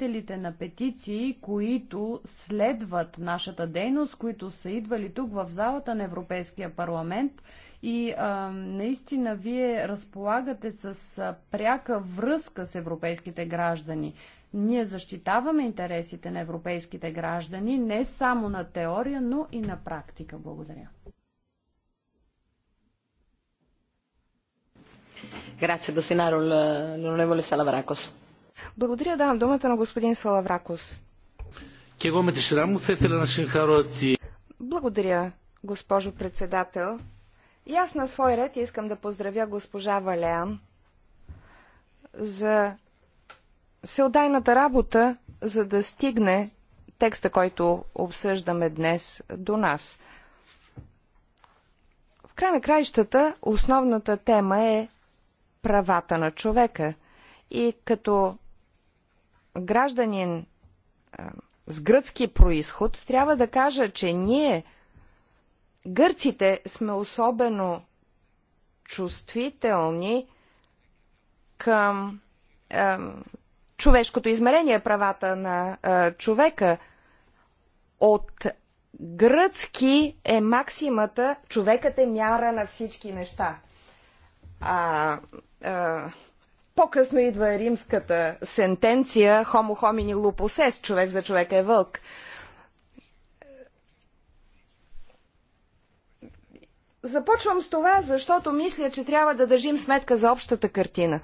вносителите на петиции, които следват нашата дейност, които са идвали тук в залата на Европейския парламент и а, наистина вие разполагате с а, пряка връзка с европейските граждани. Ние защитаваме интересите на европейските граждани не само на теория, но и на практика. Благодаря. Grazie, Bossinaro. L'onorevole Salavracos. Благодаря, давам думата на господин Салавракос. Благодаря, госпожо председател. И аз на свой ред искам да поздравя госпожа Валеан за всеотдайната работа, за да стигне текста, който обсъждаме днес до нас. В край на краищата основната тема е правата на човека. И като гражданин с гръцки происход, трябва да кажа, че ние, гърците, сме особено чувствителни към е, човешкото измерение, правата на е, човека. От гръцки е максимата човекът е мяра на всички неща. А, е, по-късно идва римската сентенция Homo homini lupus est, човек за човека е вълк. Започвам с това, защото мисля, че трябва да държим сметка за общата картина.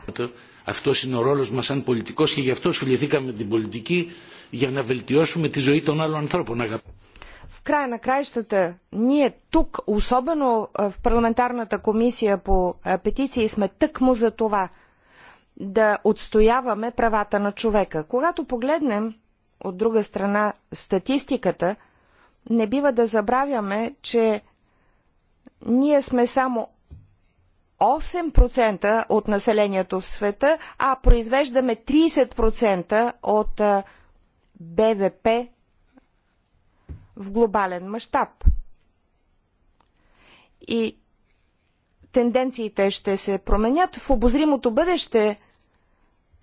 Αυτό είναι ο ρόλο μα σαν πολιτικό και γι' αυτό φιληθήκαμε την πολιτική για να βελτιώσουμε τη ζωή των άλλων ανθρώπων. В края на краищата, ние тук, особено в парламентарната комисия по петиции, сме тъкмо за това – да отстояваме правата на човека. Когато погледнем от друга страна статистиката, не бива да забравяме, че ние сме само 8% от населението в света, а произвеждаме 30% от БВП в глобален мащаб. И тенденциите ще се променят в обозримото бъдеще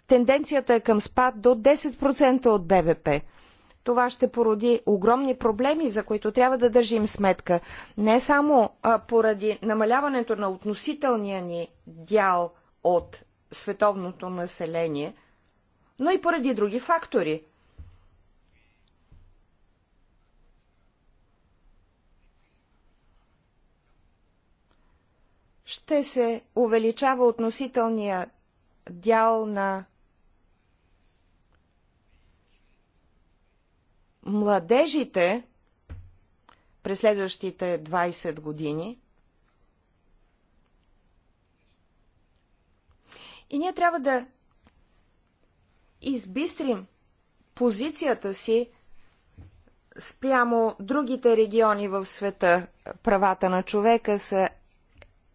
тенденцията е към спад до 10% от БВП. Това ще породи огромни проблеми, за които трябва да държим сметка. Не само поради намаляването на относителния ни дял от световното население, но и поради други фактори. Ще се увеличава относителния дял на младежите през следващите 20 години. И ние трябва да избистрим позицията си спрямо другите региони в света. Правата на човека са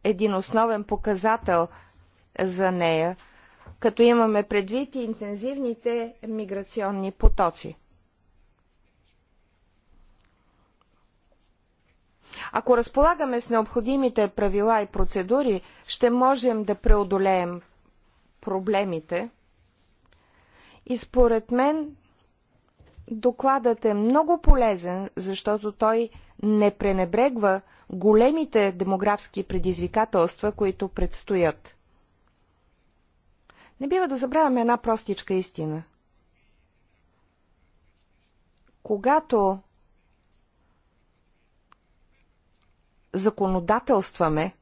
един основен показател за нея, като имаме предвид и интензивните миграционни потоци. Ако разполагаме с необходимите правила и процедури, ще можем да преодолеем проблемите. И според мен докладът е много полезен, защото той не пренебрегва големите демографски предизвикателства, които предстоят. Не бива да забравяме една простичка истина. Когато законодателстваме,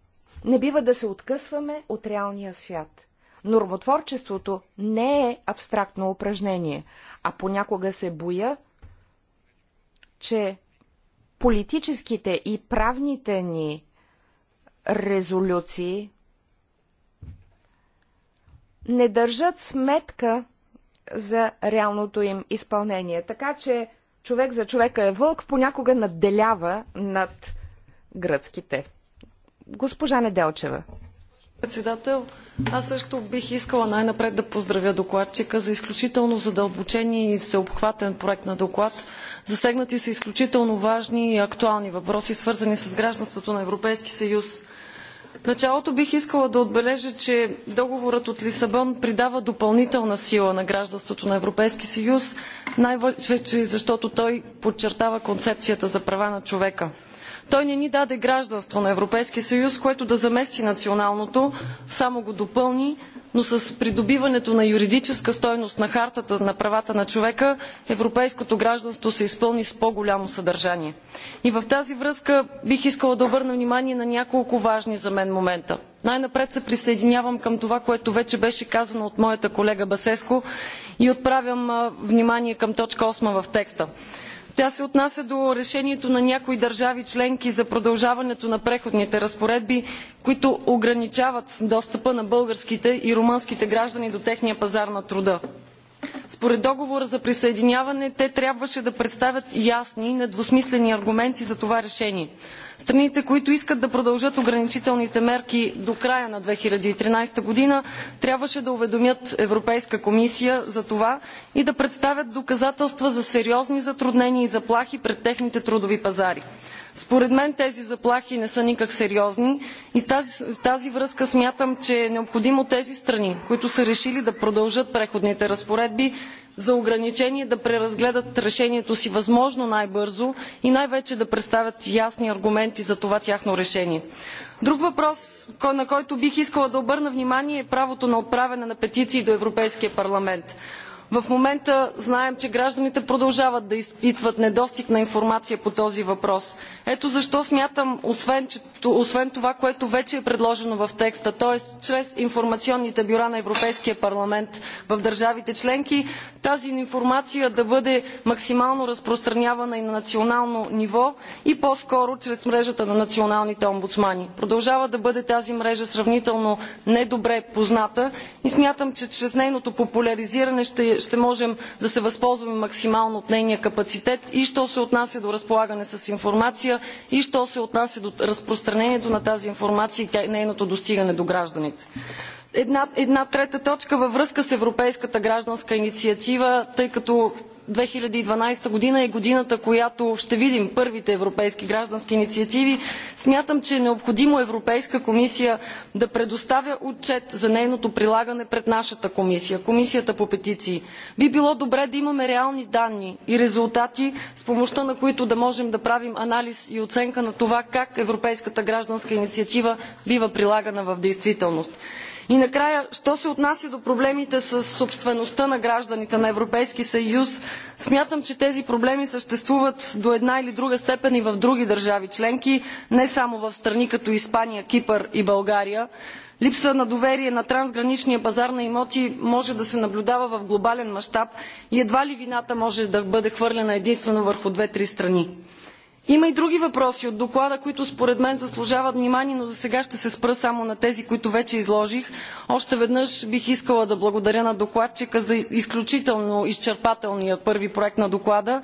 не бива да се откъсваме от реалния свят. Нормотворчеството не е абстрактно упражнение, а понякога се боя, че политическите и правните ни резолюции не държат сметка за реалното им изпълнение. Така че човек за човека е вълк понякога надделява над гръцките. Госпожа Неделчева. Председател, аз също бих искала най-напред да поздравя докладчика за изключително задълбочен и всеобхватен проект на доклад. Засегнати са изключително важни и актуални въпроси, свързани с гражданството на Европейски съюз. В началото бих искала да отбележа, че договорът от Лисабон придава допълнителна сила на гражданството на Европейски съюз, най-вече защото той подчертава концепцията за права на човека – той не ни даде гражданство на Европейския съюз, което да замести националното, само го допълни, но с придобиването на юридическа стойност на хартата на правата на човека, европейското гражданство се изпълни с по-голямо съдържание. И в тази връзка бих искала да обърна внимание на няколко важни за мен момента. Най-напред се присъединявам към това, което вече беше казано от моята колега Басеско и отправям внимание към точка 8 в текста. Тя се отнася до решението на някои държави членки за продължаването на преходните разпоредби, които ограничават достъпа на българските и румънските граждани до техния пазар на труда. Според договора за присъединяване те трябваше да представят ясни и недвусмислени аргументи за това решение. Страните, които искат да продължат ограничителните мерки до края на 2013 година, трябваше да уведомят Европейска комисия за това и да представят доказателства за сериозни затруднения и заплахи пред техните трудови пазари. Според мен тези заплахи не са никак сериозни и в тази, връзка смятам, че е необходимо тези страни, които са решили да продължат преходните разпоредби за ограничение, да преразгледат решението си възможно най-бързо и най-вече да представят ясни аргументи за това тяхно решение. Друг въпрос, на който бих искала да обърна внимание е правото на отправяне на петиции до Европейския парламент. В момента знаем, че гражданите продължават да изпитват недостиг на информация по този въпрос. Ето защо смятам, освен, че, освен това, което вече е предложено в текста, т.е. чрез информационните бюра на Европейския парламент в държавите членки, тази информация да бъде максимално разпространявана и на национално ниво и по-скоро чрез мрежата на националните омбудсмани. Продължава да бъде тази мрежа сравнително недобре позната и смятам, че чрез нейното популяризиране ще ще, можем да се възползваме максимално от нейния капацитет и що се отнася до разполагане с информация, и що се отнася до разпространението на тази информация и нейното достигане до гражданите. Една, една трета точка във връзка с Европейската гражданска инициатива, тъй като 2012 година е годината, която ще видим първите европейски граждански инициативи, смятам, че е необходимо Европейска комисия да предоставя отчет за нейното прилагане пред нашата комисия, Комисията по петиции. Би било добре да имаме реални данни и резултати, с помощта на които да можем да правим анализ и оценка на това как Европейската гражданска инициатива бива прилагана в действителност. И накрая, що се отнася до проблемите с собствеността на гражданите на Европейски съюз, смятам, че тези проблеми съществуват до една или друга степен и в други държави членки, не само в страни като Испания, Кипър и България. Липса на доверие на трансграничния пазар на имоти може да се наблюдава в глобален мащаб и едва ли вината може да бъде хвърлена единствено върху две-три страни. Има и други въпроси от доклада, които според мен заслужават внимание, но за сега ще се спра само на тези, които вече изложих. Още веднъж бих искала да благодаря на докладчика за изключително изчерпателния първи проект на доклада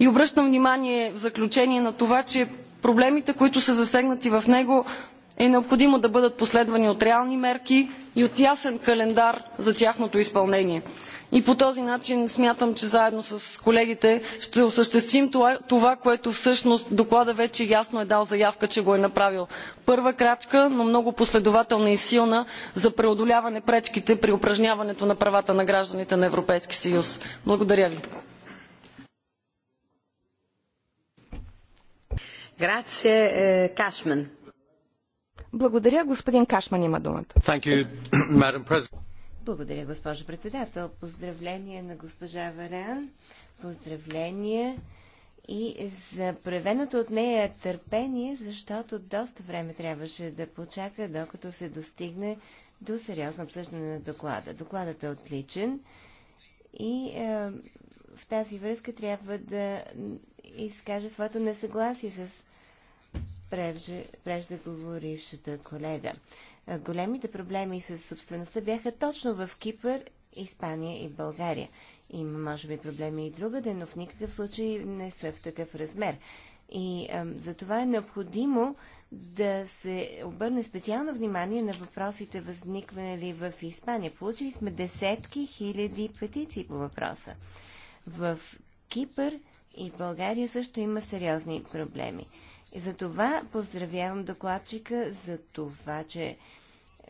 и обръщам внимание в заключение на това, че проблемите, които са засегнати в него, е необходимо да бъдат последвани от реални мерки и от ясен календар за тяхното изпълнение. И по този начин смятам, че заедно с колегите ще осъществим това, това което всъщност доклада вече ясно е дал заявка, че го е направил. Първа крачка, но много последователна и силна за преодоляване пречките при упражняването на правата на гражданите на Европейски съюз. Благодаря ви. Е, Благодаря. Господин Кашман има думата. Благодаря, госпожо председател. Поздравление на госпожа Варан. Поздравление и за проявеното от нея търпение, защото доста време трябваше да почака, докато се достигне до сериозно обсъждане на доклада. Докладът е отличен и е, в тази връзка трябва да изкаже своето несъгласие с преждеговорившата колега. Е, големите проблеми с собствеността бяха точно в Кипър, Испания и България. Има, може би, проблеми и другаде, но в никакъв случай не са в такъв размер. И а, за това е необходимо да се обърне специално внимание на въпросите, възникнали в Испания. Получили сме десетки хиляди петиции по въпроса. В Кипър и България също има сериозни проблеми. И за това поздравявам докладчика за това, че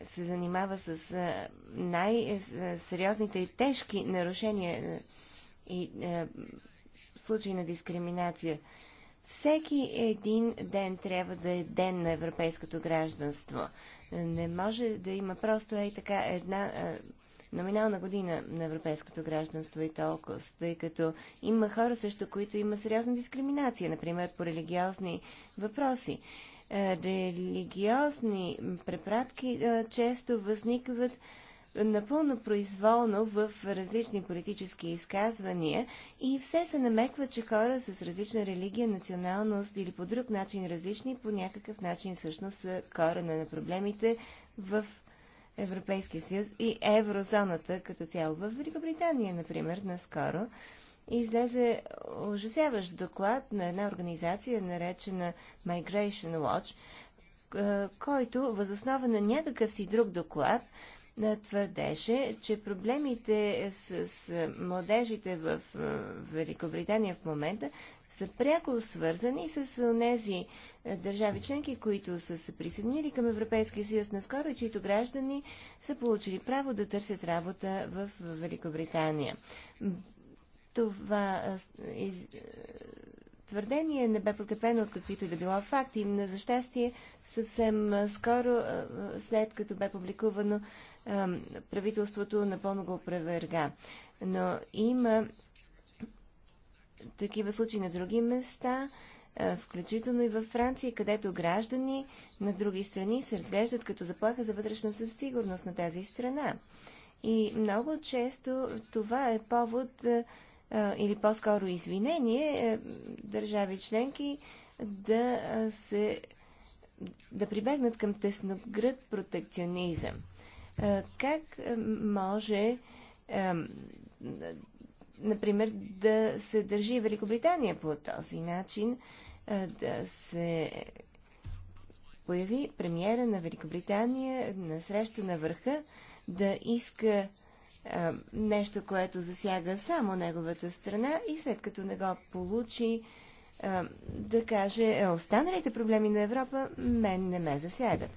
се занимава с най-сериозните и тежки нарушения и случаи на дискриминация. Всеки един ден трябва да е ден на европейското гражданство. Не може да има просто ей така една номинална година на европейското гражданство и толкова, тъй като има хора, срещу които има сериозна дискриминация, например по религиозни въпроси. Е, религиозни препратки е, често възникват напълно произволно в различни политически изказвания и все се намеква, че хора с различна религия, националност или по друг начин различни, по някакъв начин всъщност са корена на проблемите в Европейския съюз и еврозоната като цяло. В Великобритания, например, наскоро излезе ужасяващ доклад на една организация, наречена Migration Watch, който възоснова на някакъв си друг доклад твърдеше, че проблемите с, с младежите в Великобритания в момента са пряко свързани с тези е, държави членки, които са се присъединили към Европейския съюз наскоро и чието граждани са получили право да търсят работа в Великобритания. Това из... твърдение не бе подкрепено от каквито и да било факти. На за щастие, съвсем скоро, след като бе публикувано, правителството напълно го преверга. Но има такива случаи на други места включително и във Франция, където граждани на други страни се разглеждат като заплаха за вътрешна сигурност на тази страна. И много често това е повод или по-скоро извинение държави членки да се да прибегнат към тесногръд протекционизъм. Как може например, да се държи Великобритания по този начин, да се появи премиера на Великобритания на среща на върха, да иска нещо, което засяга само неговата страна и след като не го получи, да каже «Е, останалите проблеми на Европа мен не ме засягат.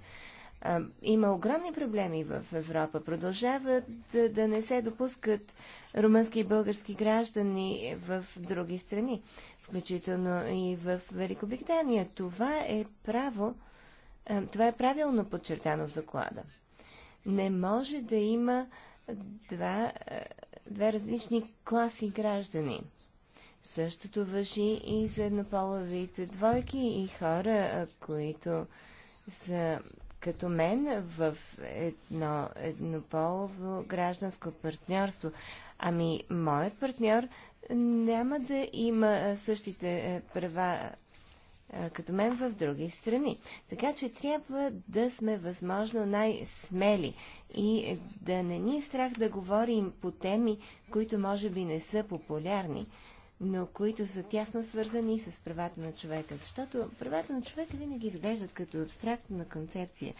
Има огромни проблеми в Европа. Продължават да не се допускат румънски и български граждани в други страни, включително и в Великобритания. Това е право, това е правилно подчертано в доклада. Не може да има два, две различни класи граждани. Същото въжи и за еднополовите двойки и хора, които са като мен в едно еднополово гражданско партньорство. Ами, моят партньор няма да има същите е, права като мен в други страни. Така че трябва да сме възможно най-смели и да не ни е страх да говорим по теми, които може би не са популярни, но които са тясно свързани с правата на човека. Защото правата на човека винаги изглеждат като абстрактна концепция,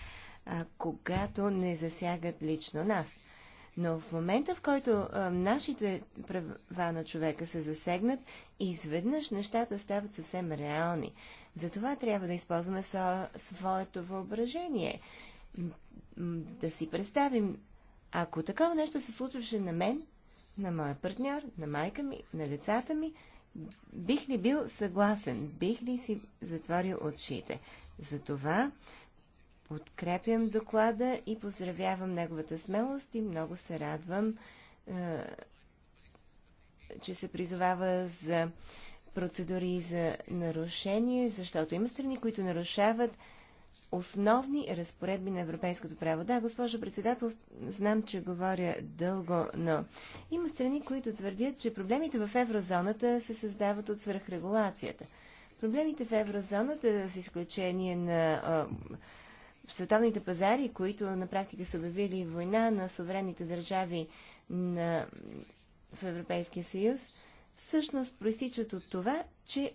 а, когато не засягат лично нас. Но в момента, в който а, нашите права на човека се засегнат, изведнъж нещата стават съвсем реални. Затова трябва да използваме своето въображение. Да си представим, ако такова нещо се случваше на мен, на моя партньор, на майка ми, на децата ми, бих ли бил съгласен, бих ли си затворил очите. Затова подкрепям доклада и поздравявам неговата смелост и много се радвам, е, че се призовава за процедури за нарушение, защото има страни, които нарушават основни разпоредби на европейското право. Да, госпожо председател, знам, че говоря дълго, но има страни, които твърдят, че проблемите в еврозоната се създават от свръхрегулацията. Проблемите в еврозоната, с изключение на а, световните пазари, които на практика са обявили война на суверенните държави на, в Европейския съюз, всъщност проистичат от това, че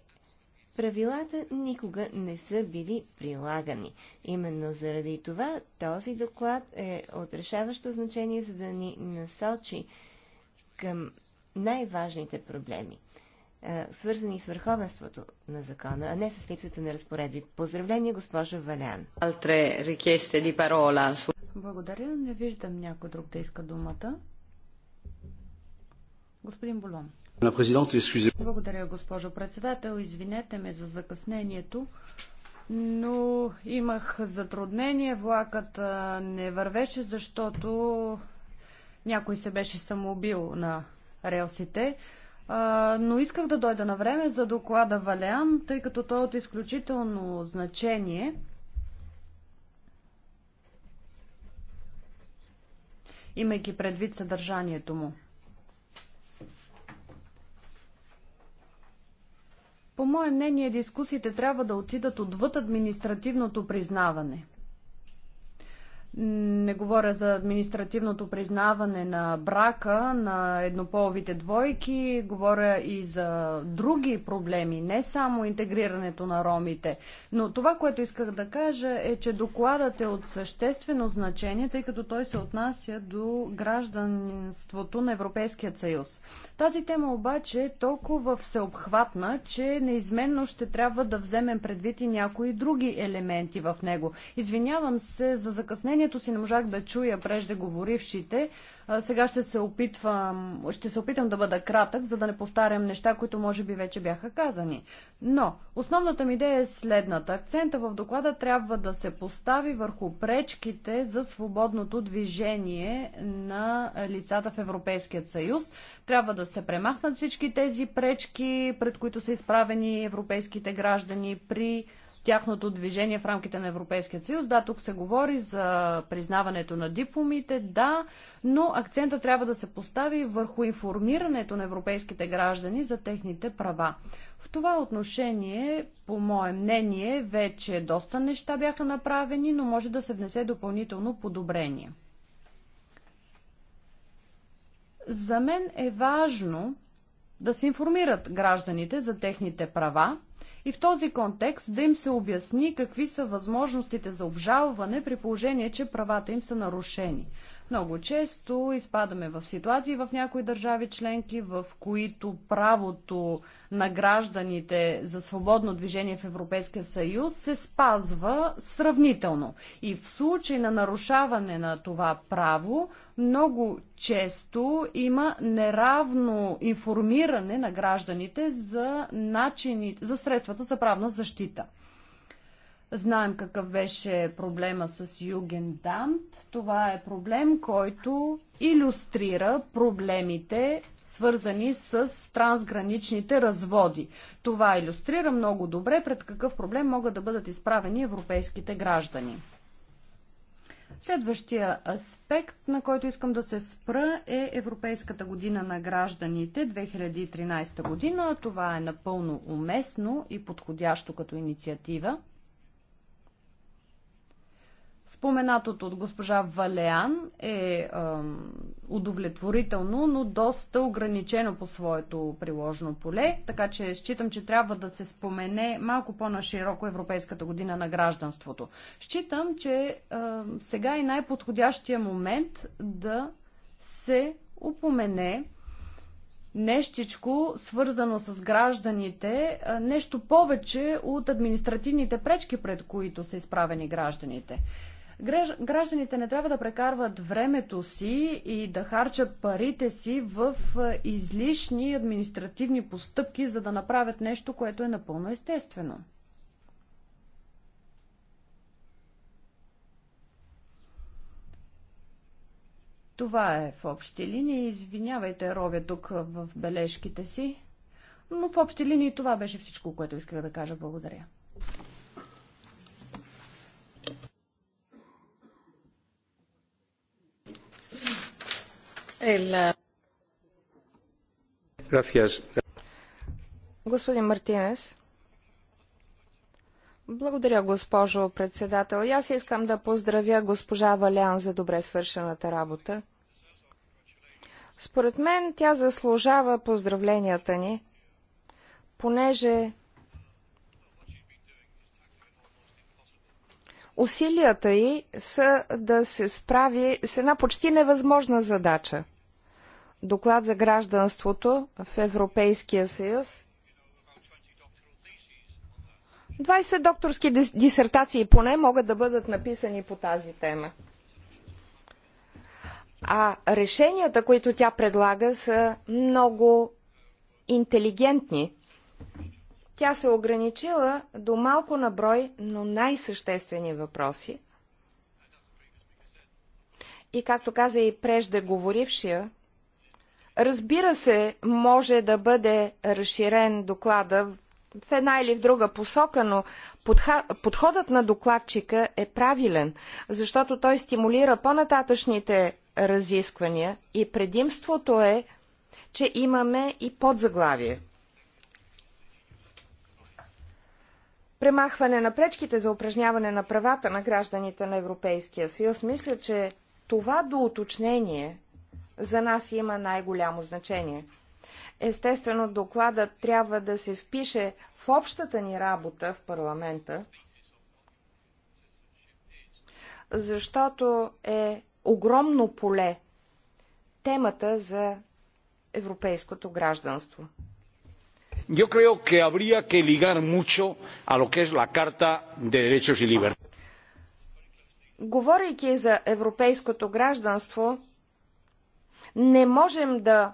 правилата никога не са били прилагани. Именно заради това този доклад е от решаващо значение, за да ни насочи към най-важните проблеми, свързани с върховенството на закона, а не с липсата на разпоредби. Поздравление, госпожо Валян. Благодаря. Не виждам някой друг да иска думата. Господин Болон. Благодаря, госпожо председател. Извинете ме за закъснението, но имах затруднение. Влакът не вървеше, защото някой се беше самоубил на релсите. Но исках да дойда на време за доклада Валян, тъй като той е от изключително значение. имайки предвид съдържанието му. По мое мнение, дискусиите трябва да отидат отвъд административното признаване – не говоря за административното признаване на брака на еднополовите двойки, говоря и за други проблеми, не само интегрирането на ромите. Но това, което исках да кажа е, че докладът е от съществено значение, тъй като той се отнася до гражданството на Европейския съюз. Тази тема обаче е толкова всеобхватна, че неизменно ще трябва да вземем предвид и някои други елементи в него. Извинявам се за закъснението мнението си не можах да чуя преждеговорившите. Сега ще се, опитвам, ще се опитам да бъда кратък, за да не повтарям неща, които може би вече бяха казани. Но основната ми идея е следната. Акцента в доклада трябва да се постави върху пречките за свободното движение на лицата в Европейският съюз. Трябва да се премахнат всички тези пречки, пред които са изправени европейските граждани при тяхното движение в рамките на Европейския съюз. Да, тук се говори за признаването на дипломите, да, но акцента трябва да се постави върху информирането на европейските граждани за техните права. В това отношение, по мое мнение, вече доста неща бяха направени, но може да се внесе допълнително подобрение. За мен е важно да се информират гражданите за техните права, и в този контекст да им се обясни какви са възможностите за обжалване при положение, че правата им са нарушени. Много често изпадаме в ситуации в някои държави членки, в които правото на гражданите за свободно движение в Европейския съюз се спазва сравнително. И в случай на нарушаване на това право, много често има неравно информиране на гражданите за, начини, за средствата за правна защита. Знаем какъв беше проблема с Югендамт. Това е проблем, който иллюстрира проблемите, свързани с трансграничните разводи. Това иллюстрира много добре пред какъв проблем могат да бъдат изправени европейските граждани. Следващия аспект, на който искам да се спра, е Европейската година на гражданите 2013 година. Това е напълно уместно и подходящо като инициатива. Споменатото от госпожа Валеан е ам, удовлетворително, но доста ограничено по своето приложно поле, така че считам, че трябва да се спомене малко по-нашироко Европейската година на гражданството. Считам, че ам, сега е най-подходящия момент да се упомене нещичко свързано с гражданите, нещо повече от административните пречки, пред които са изправени гражданите. Гражданите не трябва да прекарват времето си и да харчат парите си в излишни административни постъпки, за да направят нещо, което е напълно естествено. Това е в общи линии. Извинявайте, ровя тук в бележките си. Но в общи линии това беше всичко, което исках да кажа. Благодаря. El... Eh, Gracias. Господин Мартинес. Благодаря, госпожо председател. И аз искам да поздравя госпожа Валян за добре свършената работа. Според мен тя заслужава поздравленията ни, понеже Усилията й са да се справи с една почти невъзможна задача. Доклад за гражданството в Европейския съюз. 20 докторски дисертации поне могат да бъдат написани по тази тема. А решенията, които тя предлага, са много интелигентни тя се ограничила до малко на брой, но най-съществени въпроси. И както каза и преждеговорившия, разбира се, може да бъде разширен доклада в една или в друга посока, но подходът на докладчика е правилен, защото той стимулира по-нататъчните разисквания и предимството е, че имаме и подзаглавие. премахване на пречките за упражняване на правата на гражданите на Европейския съюз. Мисля, че това доуточнение за нас има най-голямо значение. Естествено, докладът трябва да се впише в общата ни работа в парламента, защото е огромно поле темата за европейското гражданство yo creo que habría que ligar mucho a lo que es la Carta de Derechos y Libertades. Говорейки за европейското гражданство, не можем да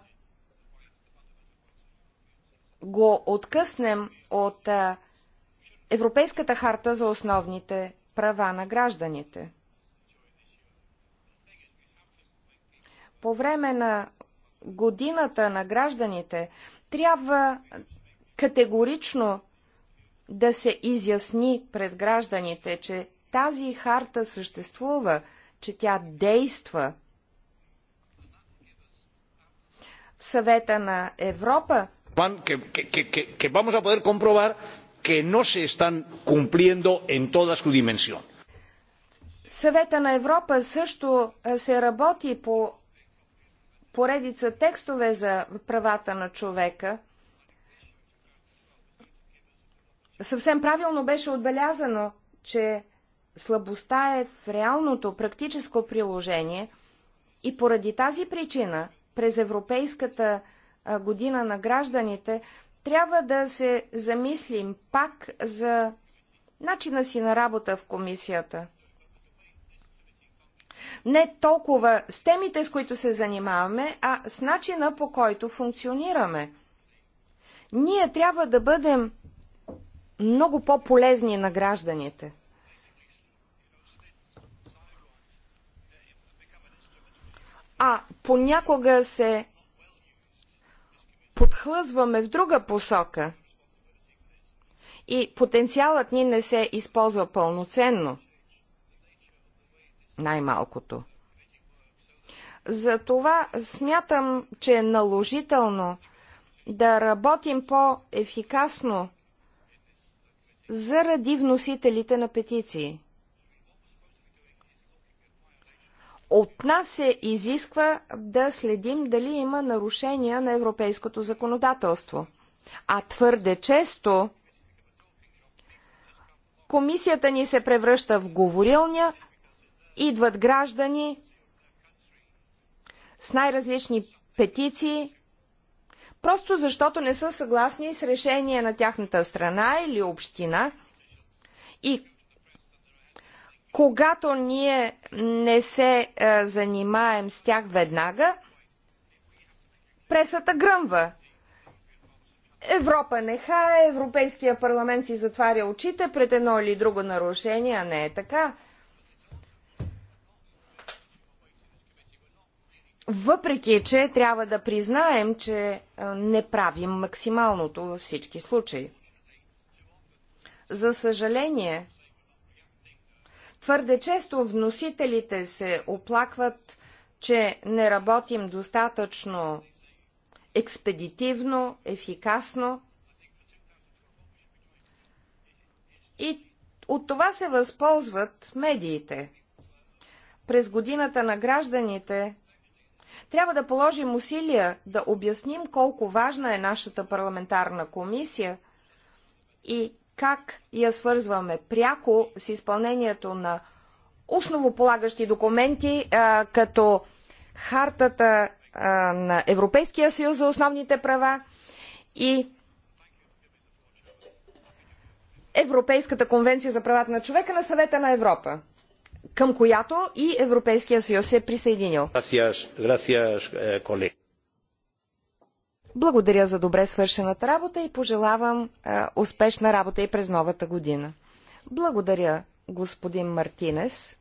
го откъснем от Европейската харта за основните права на гражданите. По време на годината на гражданите трябва категорично да се изясни пред гражданите, че тази харта съществува, че тя действа. В съвета на Европа que, que, que, que vamos a poder comprobar que no se están cumpliendo en toda su dimensión. Съвета на Европа също се работи по поредица текстове за правата на човека – Съвсем правилно беше отбелязано, че слабостта е в реалното практическо приложение и поради тази причина през Европейската година на гражданите трябва да се замислим пак за начина си на работа в комисията. Не толкова с темите, с които се занимаваме, а с начина по който функционираме. Ние трябва да бъдем много по-полезни на гражданите. А понякога се подхлъзваме в друга посока и потенциалът ни не се използва пълноценно. Най-малкото. Затова смятам, че е наложително да работим по-ефикасно заради вносителите на петиции. От нас се изисква да следим дали има нарушения на европейското законодателство. А твърде често комисията ни се превръща в говорилня, идват граждани с най-различни петиции, просто защото не са съгласни с решение на тяхната страна или община. И когато ние не се е, занимаем с тях веднага, пресата гръмва. Европа не хае, Европейския парламент си затваря очите пред едно или друго нарушение, а не е така. въпреки че трябва да признаем, че не правим максималното във всички случаи. За съжаление, твърде често вносителите се оплакват, че не работим достатъчно експедитивно, ефикасно и от това се възползват медиите. През годината на гражданите трябва да положим усилия да обясним колко важна е нашата парламентарна комисия и как я свързваме пряко с изпълнението на основополагащи документи, като хартата на Европейския съюз за основните права и Европейската конвенция за правата на човека на съвета на Европа към която и Европейския съюз се е присъединил. Eh, Благодаря за добре свършената работа и пожелавам е, успешна работа и през новата година. Благодаря, господин Мартинес.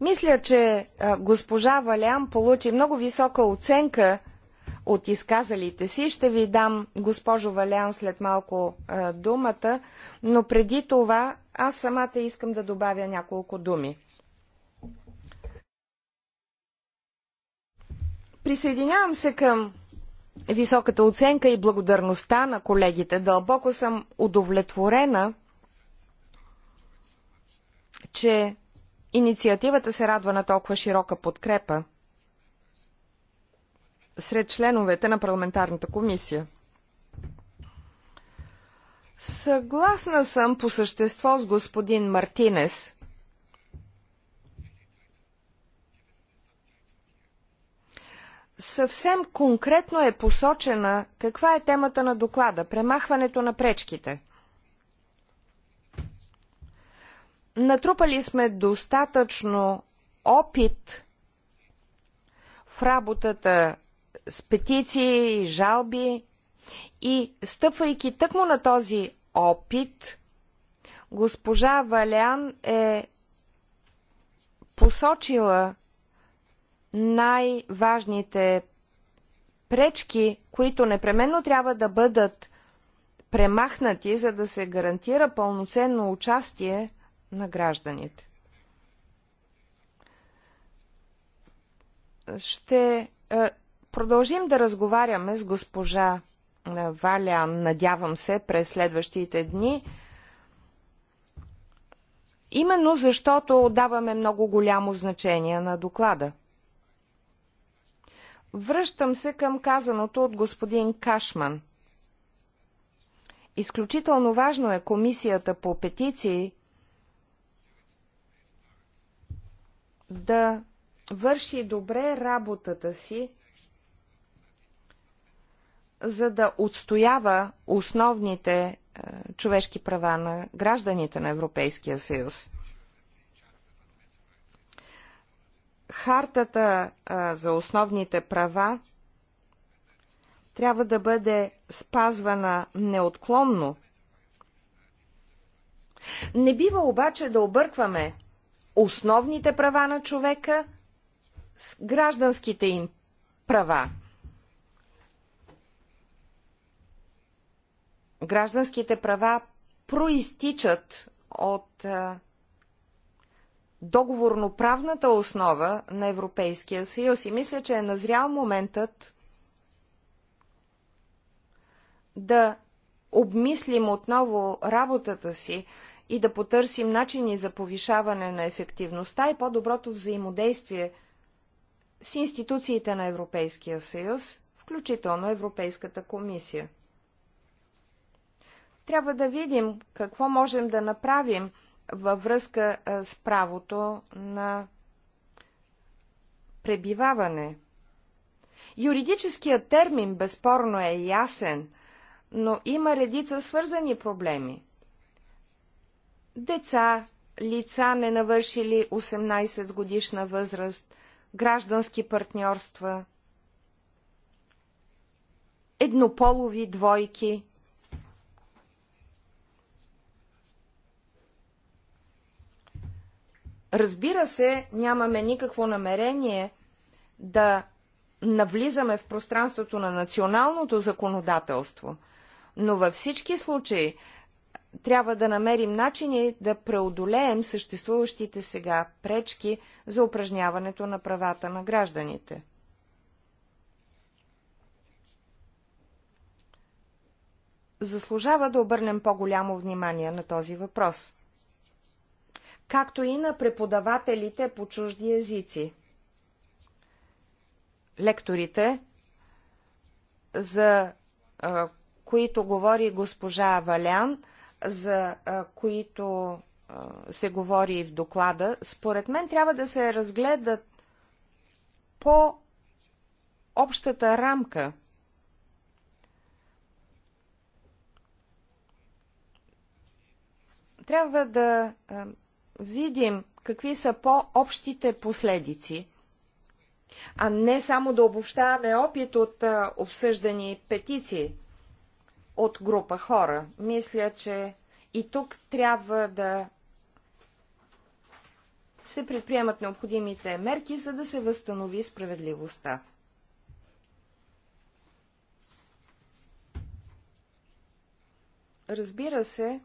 Мисля, че е, госпожа Валян получи много висока оценка от изказалите си. Ще ви дам, госпожо Валян, след малко а, думата, но преди това аз самата искам да добавя няколко думи. Присъединявам се към високата оценка и благодарността на колегите. Дълбоко съм удовлетворена, че инициативата се радва на толкова широка подкрепа сред членовете на парламентарната комисия. Съгласна съм по същество с господин Мартинес. Съвсем конкретно е посочена каква е темата на доклада премахването на пречките. Натрупали сме достатъчно опит в работата с петиции, жалби и стъпвайки тъкмо на този опит, госпожа Валян е посочила най-важните пречки, които непременно трябва да бъдат премахнати, за да се гарантира пълноценно участие на гражданите. Ще е, продължим да разговаряме с госпожа е, Валян, надявам се, през следващите дни, именно защото даваме много голямо значение на доклада. Връщам се към казаното от господин Кашман. Изключително важно е комисията по петиции да върши добре работата си за да отстоява основните е, човешки права на гражданите на Европейския съюз. Хартата е, за основните права трябва да бъде спазвана неотклонно. Не бива обаче да объркваме основните права на човека с гражданските им права. гражданските права проистичат от договорно-правната основа на Европейския съюз. И мисля, че е назрял моментът да обмислим отново работата си и да потърсим начини за повишаване на ефективността и по-доброто взаимодействие с институциите на Европейския съюз, включително Европейската комисия. Трябва да видим какво можем да направим във връзка с правото на пребиваване. Юридическият термин безспорно е ясен, но има редица свързани проблеми. Деца, лица не навършили 18 годишна възраст, граждански партньорства, еднополови двойки – Разбира се, нямаме никакво намерение да навлизаме в пространството на националното законодателство, но във всички случаи трябва да намерим начини да преодолеем съществуващите сега пречки за упражняването на правата на гражданите. Заслужава да обърнем по-голямо внимание на този въпрос – както и на преподавателите по чужди езици. Лекторите, за а, които говори госпожа Валян, за а, които а, се говори и в доклада, според мен трябва да се разгледат по общата рамка. Трябва да видим какви са по-общите последици, а не само да обобщаваме опит от обсъждани петиции от група хора. Мисля, че и тук трябва да се предприемат необходимите мерки, за да се възстанови справедливостта. Разбира се,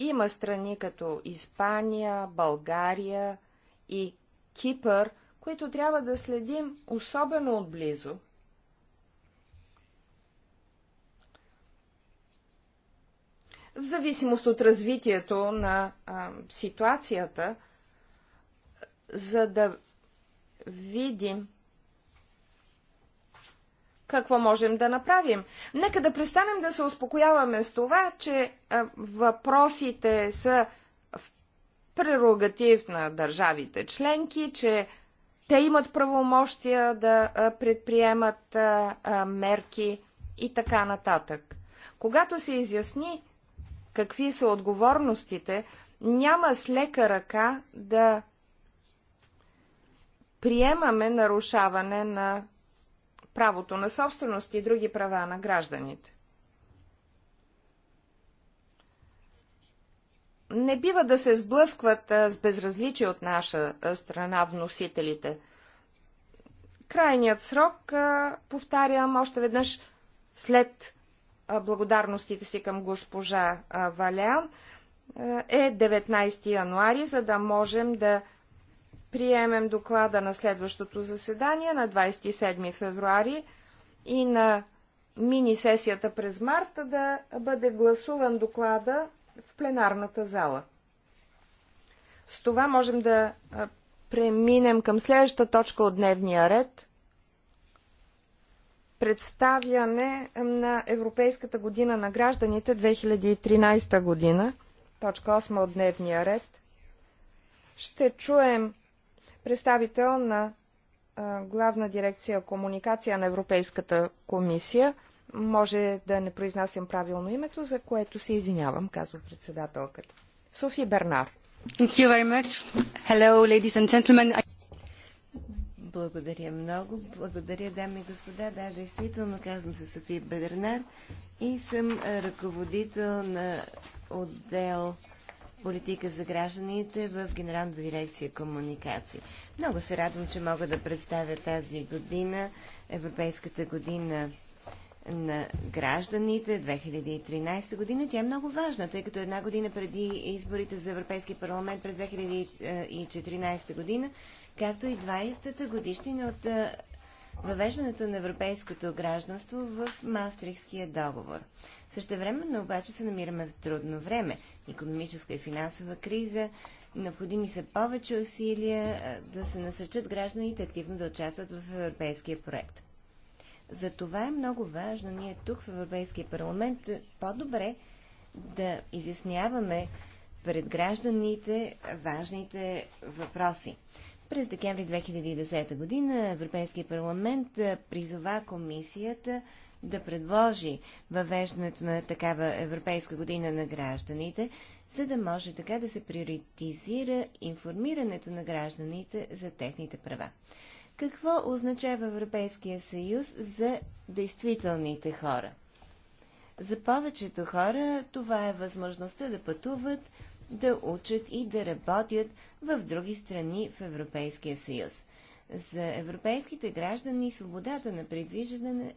има страни като Испания, България и Кипър, които трябва да следим особено отблизо. В зависимост от развитието на а, ситуацията, за да видим какво можем да направим. Нека да престанем да се успокояваме с това, че въпросите са в прерогатив на държавите членки, че те имат правомощия да предприемат мерки и така нататък. Когато се изясни какви са отговорностите, няма с лека ръка да приемаме нарушаване на правото на собственост и други права на гражданите. Не бива да се сблъскват с безразличие от наша страна вносителите. Крайният срок, повтарям още веднъж, след благодарностите си към госпожа Валян, е 19 януари, за да можем да приемем доклада на следващото заседание на 27 февруари и на мини-сесията през марта да бъде гласуван доклада в пленарната зала. С това можем да преминем към следващата точка от дневния ред представяне на Европейската година на гражданите 2013 година, точка 8 от дневния ред. Ще чуем представител на главна дирекция комуникация на Европейската комисия. Може да не произнасям правилно името, за което се извинявам, казва председателката. Софи Бернар. Hello, Благодаря много. Благодаря, дами и господа. Да, действително казвам се Софи Бернар и съм ръководител на отдел политика за гражданите в Генерална дирекция комуникации. Много се радвам, че мога да представя тази година, Европейската година на гражданите 2013 година. Тя е много важна, тъй като една година преди изборите за Европейски парламент през 2014 година, както и 20-та годишнина от въвеждането на европейското гражданство в Мастрихския договор. Същевременно обаче се намираме в трудно време. Економическа и финансова криза, необходими са повече усилия да се насърчат гражданите активно да участват в европейския проект. За това е много важно ние тук в Европейския парламент по-добре да изясняваме пред гражданите важните въпроси. През декември 2010 година Европейския парламент призова комисията да предложи въвеждането на такава Европейска година на гражданите, за да може така да се приоритизира информирането на гражданите за техните права. Какво означава Европейския съюз за действителните хора? За повечето хора това е възможността да пътуват, да учат и да работят в други страни в Европейския съюз. За европейските граждани свободата на придвижване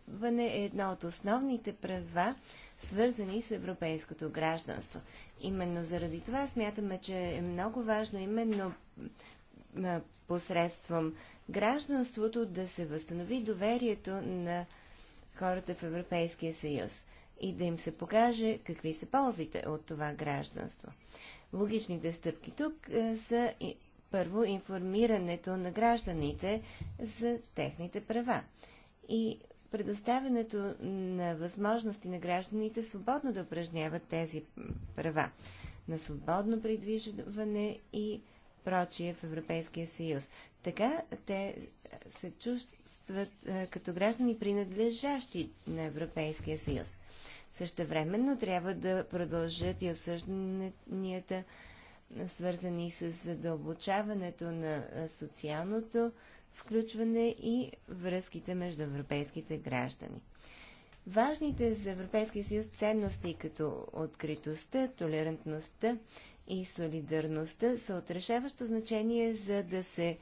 е едно от основните права, свързани с европейското гражданство. Именно заради това смятаме, че е много важно именно посредством гражданството да се възстанови доверието на хората в Европейския съюз и да им се покаже какви са ползите от това гражданство. Логичните стъпки тук е, са първо информирането на гражданите за техните права и предоставянето на възможности на гражданите свободно да упражняват тези права на свободно придвижване и прочие в Европейския съюз. Така те се чувстват е, като граждани принадлежащи на Европейския съюз. Същевременно трябва да продължат и обсъжданията свързани с задълбочаването на социалното включване и връзките между европейските граждани. Важните за Европейския съюз ценности като откритостта, толерантността и солидарността са отрешаващо значение за да се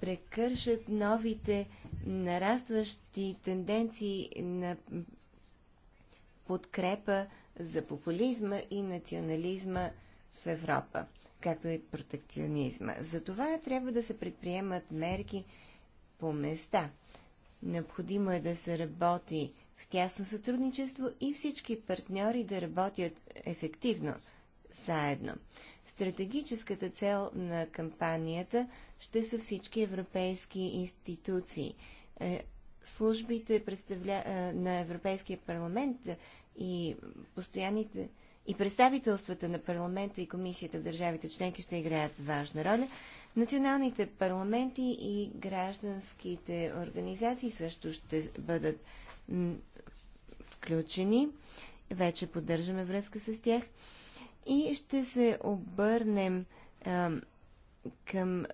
прекършат новите нарастващи тенденции на подкрепа за популизма и национализма в Европа както и протекционизма. Затова трябва да се предприемат мерки по места. Необходимо е да се работи в тясно сътрудничество и всички партньори да работят ефективно заедно. Стратегическата цел на кампанията ще са всички европейски институции. Е, службите представля... Е, на Европейския парламент и постоянните и представителствата на парламента и комисията в държавите членки ще играят важна роля. Националните парламенти и гражданските организации също ще бъдат включени. Вече поддържаме връзка с тях. И ще се обърнем а, към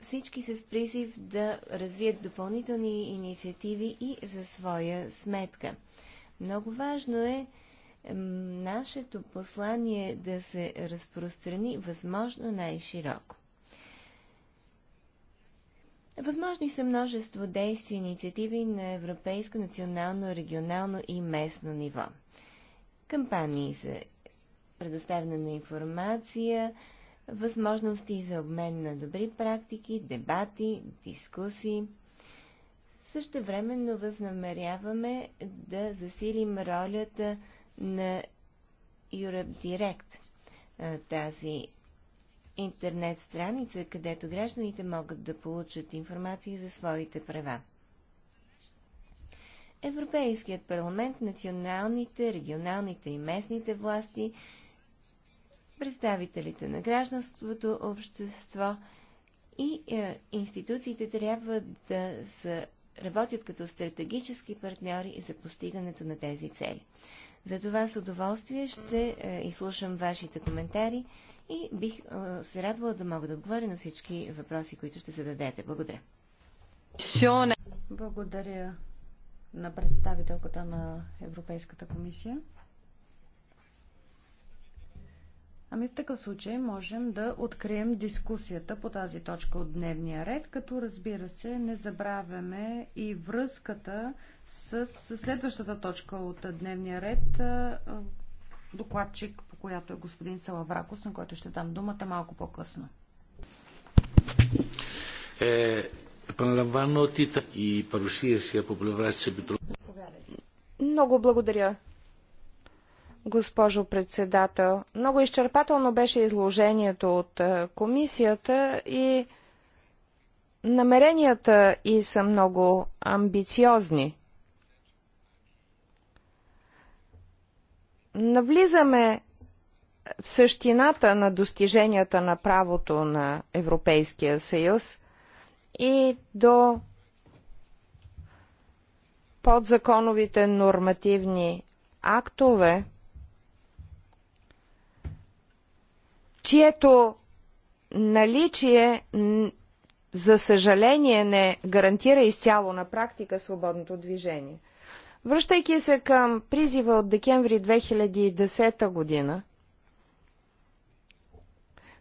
всички с призив да развият допълнителни инициативи и за своя сметка. Много важно е нашето послание да се разпространи възможно най-широко. Възможни са множество действия и инициативи на европейско, национално, регионално и местно ниво. Кампании за предоставяне на информация, възможности за обмен на добри практики, дебати, дискусии – Същевременно възнамеряваме да засилим ролята на Europe Direct, тази интернет страница, където гражданите могат да получат информация за своите права. Европейският парламент, националните, регионалните и местните власти, представителите на гражданството, общество и е, институциите трябва да са работят като стратегически партньори за постигането на тези цели. За това с удоволствие ще е, изслушам вашите коментари и бих е, се радвала да мога да отговоря на всички въпроси, които ще зададете. Благодаря. Благодаря на представителката на Европейската комисия. Ами в такъв случай можем да открием дискусията по тази точка от дневния ред, като разбира се не забравяме и връзката с следващата точка от дневния ред, докладчик, по която е господин Салавракос, на който ще дам думата малко по-късно. Е, е Много благодаря, госпожо председател. Много изчерпателно беше изложението от е, комисията и намеренията и са много амбициозни. Навлизаме в същината на достиженията на правото на Европейския съюз и до подзаконовите нормативни актове, чието наличие за съжаление не гарантира изцяло на практика свободното движение. Връщайки се към призива от декември 2010 година,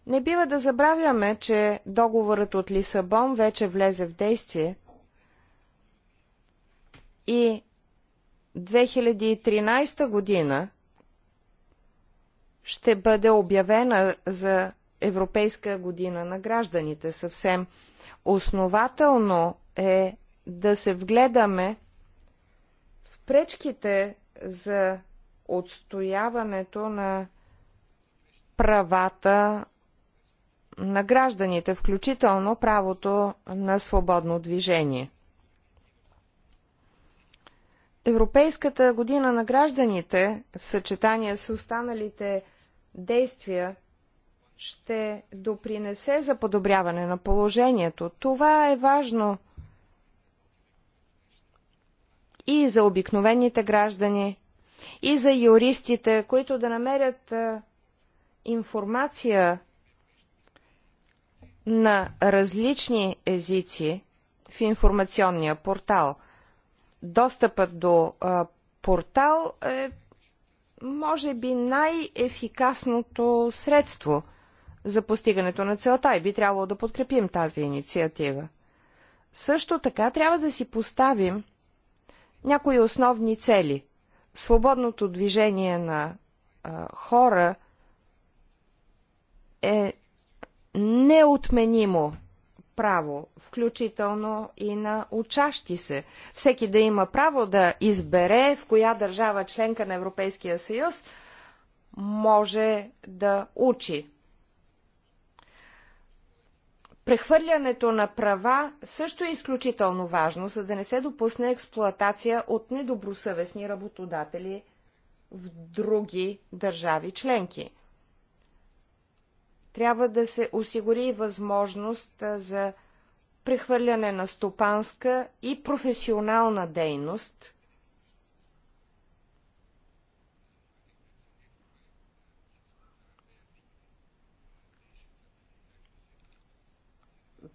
не бива да забравяме, че договорът от Лисабон вече влезе в действие и 2013 година ще бъде обявена за Европейска година на гражданите. Съвсем основателно е да се вгледаме в пречките за отстояването на правата на гражданите, включително правото на свободно движение. Европейската година на гражданите в съчетание с останалите действия ще допринесе за подобряване на положението. Това е важно и за обикновените граждани, и за юристите, които да намерят информация на различни езици в информационния портал. Достъпът до портал е може би най-ефикасното средство за постигането на целта и би трябвало да подкрепим тази инициатива. Също така трябва да си поставим някои основни цели. Свободното движение на а, хора е неотменимо право, включително и на учащи се. Всеки да има право да избере в коя държава членка на Европейския съюз може да учи. Прехвърлянето на права също е изключително важно, за да не се допусне експлоатация от недобросъвестни работодатели в други държави членки трябва да се осигури възможност за прехвърляне на стопанска и професионална дейност.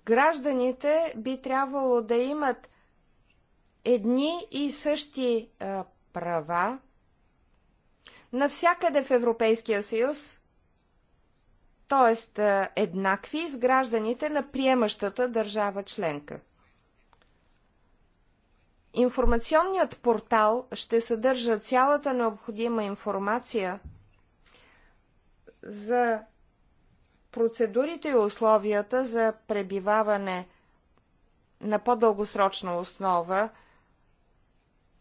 Гражданите би трябвало да имат едни и същи а, права навсякъде в Европейския съюз, т.е. еднакви с гражданите на приемащата държава членка. Информационният портал ще съдържа цялата необходима информация за процедурите и условията за пребиваване на по-дългосрочна основа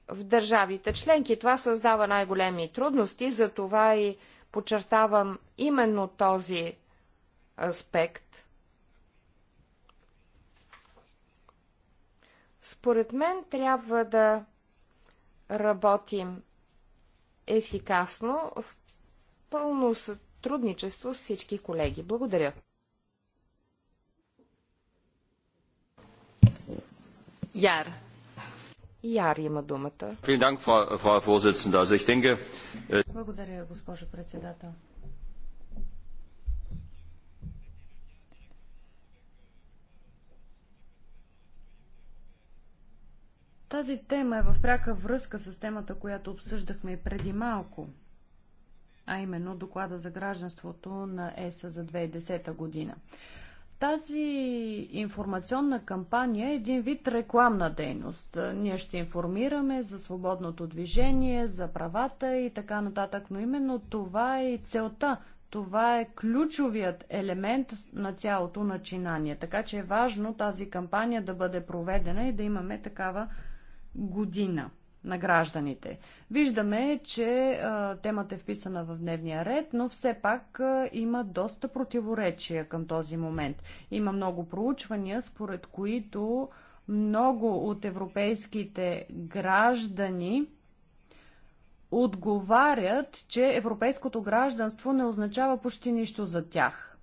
в държавите членки. Това създава най-големи трудности, затова и подчертавам именно този аспект. Според мен трябва да работим ефикасно в пълно сътрудничество с всички колеги. Благодаря. Яр. Яр има думата. Äh, Благодаря, госпожо председател. Тази тема е в пряка връзка с темата, която обсъждахме и преди малко, а именно доклада за гражданството на ЕСА за 2010 година. Тази информационна кампания е един вид рекламна дейност. Ние ще информираме за свободното движение, за правата и така нататък, но именно това е и целта. Това е ключовият елемент на цялото начинание. Така че е важно тази кампания да бъде проведена и да имаме такава година на гражданите. Виждаме, че а, темата е вписана в дневния ред, но все пак а, има доста противоречия към този момент. Има много проучвания, според които много от европейските граждани отговарят, че европейското гражданство не означава почти нищо за тях.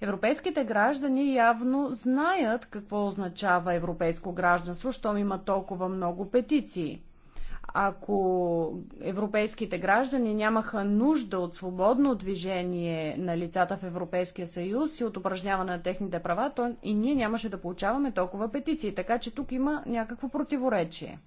Европейските граждани явно знаят какво означава европейско гражданство, щом има толкова много петиции. Ако европейските граждани нямаха нужда от свободно движение на лицата в Европейския съюз и от упражняване на техните права, то и ние нямаше да получаваме толкова петиции. Така че тук има някакво противоречие.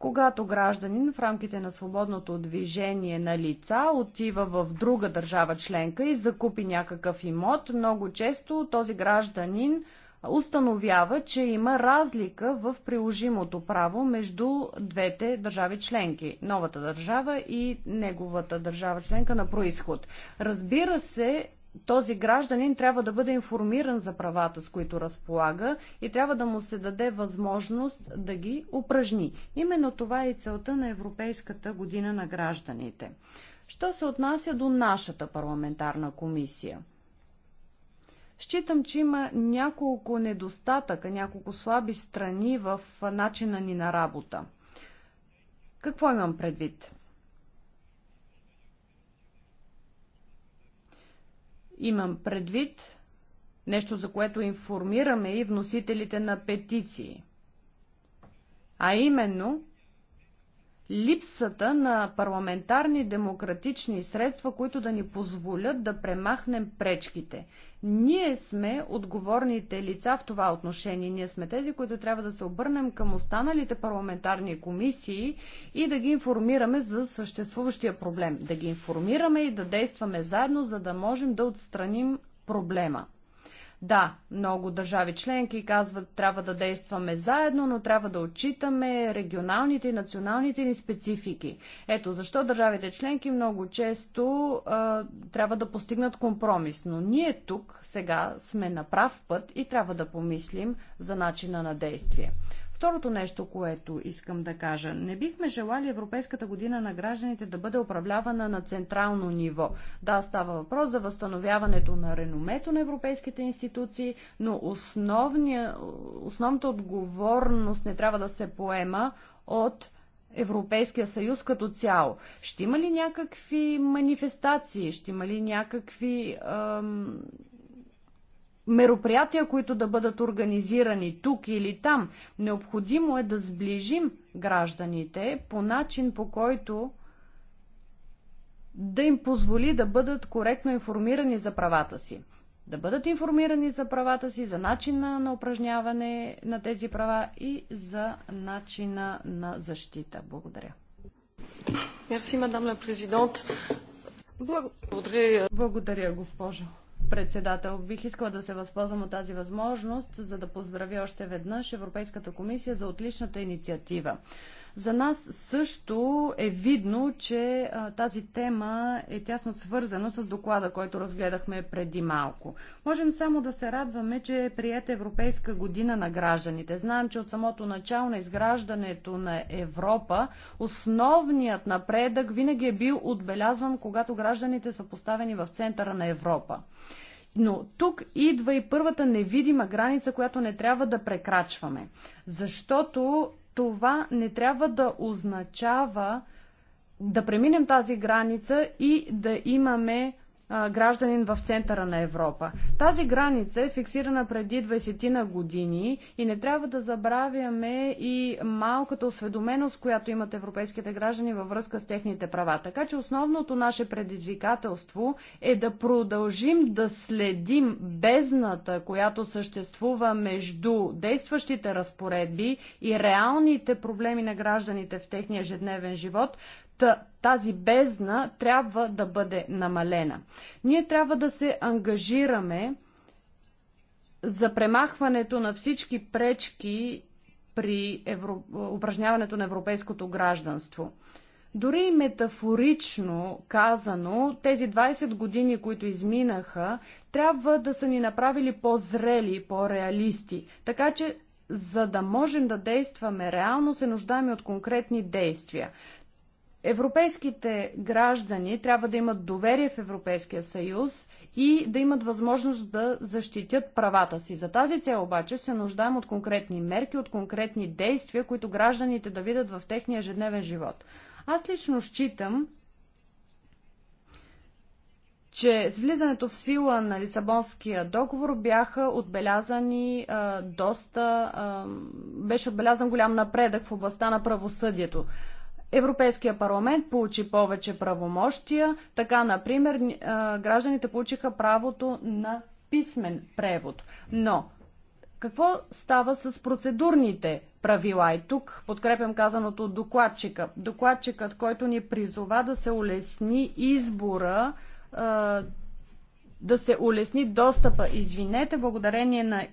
Когато гражданин в рамките на свободното движение на лица отива в друга държава членка и закупи някакъв имот, много често този гражданин установява, че има разлика в приложимото право между двете държави членки новата държава и неговата държава членка на происход. Разбира се, този гражданин трябва да бъде информиран за правата, с които разполага и трябва да му се даде възможност да ги упражни. Именно това е и целта на Европейската година на гражданите. Що се отнася до нашата парламентарна комисия? Считам, че има няколко недостатъка, няколко слаби страни в начина ни на работа. Какво имам предвид? Имам предвид нещо, за което информираме и вносителите на петиции. А именно, липсата на парламентарни демократични средства, които да ни позволят да премахнем пречките. Ние сме отговорните лица в това отношение. Ние сме тези, които трябва да се обърнем към останалите парламентарни комисии и да ги информираме за съществуващия проблем. Да ги информираме и да действаме заедно, за да можем да отстраним проблема. Да, много държави членки казват, трябва да действаме заедно, но трябва да отчитаме регионалните и националните ни специфики. Ето защо държавите членки много често а, трябва да постигнат компромис. Но ние тук сега сме на прав път и трябва да помислим за начина на действие. Второто нещо, което искам да кажа. Не бихме желали Европейската година на гражданите да бъде управлявана на централно ниво. Да, става въпрос за възстановяването на реномето на европейските институции, но основния, основната отговорност не трябва да се поема от Европейския съюз като цяло. Ще има ли някакви манифестации, ще има ли някакви ем, мероприятия, които да бъдат организирани тук или там. Необходимо е да сближим гражданите по начин, по който да им позволи да бъдат коректно информирани за правата си. Да бъдат информирани за правата си, за начина на упражняване на тези права и за начина на защита. Благодаря. Мерси, мадам президент. Благодаря, госпожо председател. Бих искала да се възползвам от тази възможност, за да поздравя още веднъж Европейската комисия за отличната инициатива. За нас също е видно, че а, тази тема е тясно свързана с доклада, който разгледахме преди малко. Можем само да се радваме, че е приета Европейска година на гражданите. Знаем, че от самото начало на изграждането на Европа основният напредък винаги е бил отбелязван, когато гражданите са поставени в центъра на Европа. Но тук идва и първата невидима граница, която не трябва да прекрачваме. Защото това не трябва да означава да преминем тази граница и да имаме гражданин в центъра на Европа. Тази граница е фиксирана преди 20 на години и не трябва да забравяме и малката осведоменост, която имат европейските граждани във връзка с техните права. Така че основното наше предизвикателство е да продължим да следим бездната, която съществува между действащите разпоредби и реалните проблеми на гражданите в техния ежедневен живот, тази бездна трябва да бъде намалена. Ние трябва да се ангажираме за премахването на всички пречки при евро... упражняването на европейското гражданство. Дори и метафорично казано, тези 20 години, които изминаха, трябва да са ни направили по-зрели, по-реалисти. Така че за да можем да действаме реално, се нуждаем от конкретни действия. Европейските граждани трябва да имат доверие в Европейския съюз и да имат възможност да защитят правата си. За тази цел обаче се нуждаем от конкретни мерки, от конкретни действия, които гражданите да видят в техния ежедневен живот. Аз лично считам, че с влизането в сила на Лисабонския договор бяха отбелязани а, доста, а, беше отбелязан голям напредък в областта на правосъдието. Европейския парламент получи повече правомощия. Така, например, гражданите получиха правото на писмен превод. Но какво става с процедурните правила? И тук подкрепям казаното от докладчика. Докладчикът, който ни призова да се улесни избора, да се улесни достъпа, извинете, благодарение на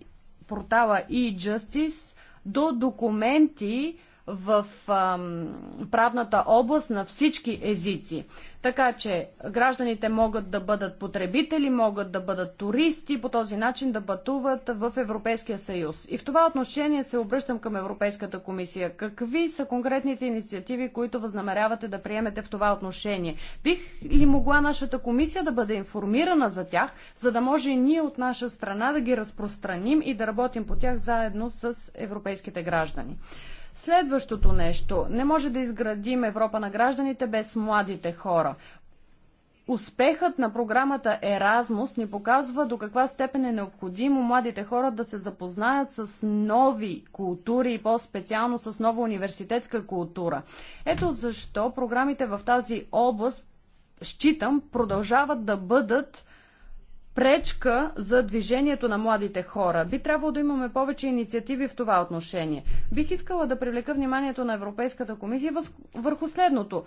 портала e-Justice до документи, в ам, правната област на всички езици. Така че гражданите могат да бъдат потребители, могат да бъдат туристи, по този начин да пътуват в Европейския съюз. И в това отношение се обръщам към Европейската комисия. Какви са конкретните инициативи, които възнамерявате да приемете в това отношение? Бих ли могла нашата комисия да бъде информирана за тях, за да може и ние от наша страна да ги разпространим и да работим по тях заедно с европейските граждани? Следващото нещо. Не може да изградим Европа на гражданите без младите хора. Успехът на програмата Еразмус ни показва до каква степен е необходимо младите хора да се запознаят с нови култури и по-специално с нова университетска култура. Ето защо програмите в тази област, считам, продължават да бъдат пречка за движението на младите хора. Би трябвало да имаме повече инициативи в това отношение. Бих искала да привлека вниманието на Европейската комисия върху следното.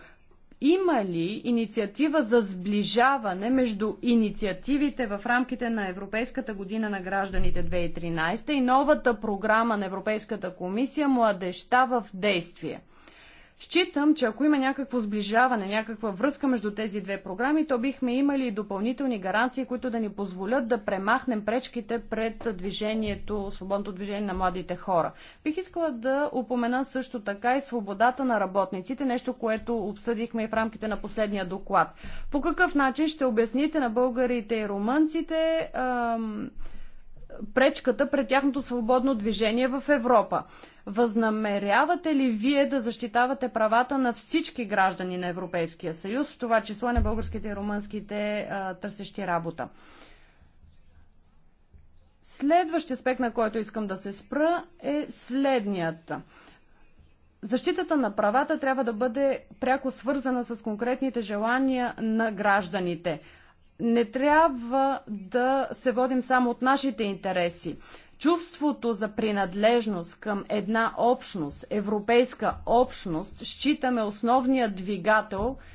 Има ли инициатива за сближаване между инициативите в рамките на Европейската година на гражданите 2013 и новата програма на Европейската комисия Младеща в действие? Считам, че ако има някакво сближаване, някаква връзка между тези две програми, то бихме имали и допълнителни гаранции, които да ни позволят да премахнем пречките пред движението, свободното движение на младите хора. Бих искала да упомена също така и свободата на работниците, нещо, което обсъдихме и в рамките на последния доклад. По какъв начин ще обясните на българите и румънците? Ам пречката пред тяхното свободно движение в Европа. Възнамерявате ли вие да защитавате правата на всички граждани на Европейския съюз, в това число на българските и румънските а, търсещи работа? Следващия аспект, на който искам да се спра, е следният. Защитата на правата трябва да бъде пряко свързана с конкретните желания на гражданите не трябва да се водим само от нашите интереси. Чувството за принадлежност към една общност, европейска общност, считаме основния двигател –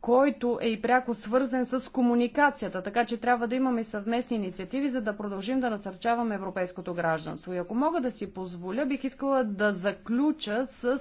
който е и пряко свързан с комуникацията, така че трябва да имаме съвместни инициативи, за да продължим да насърчаваме европейското гражданство. И ако мога да си позволя, бих искала да заключа с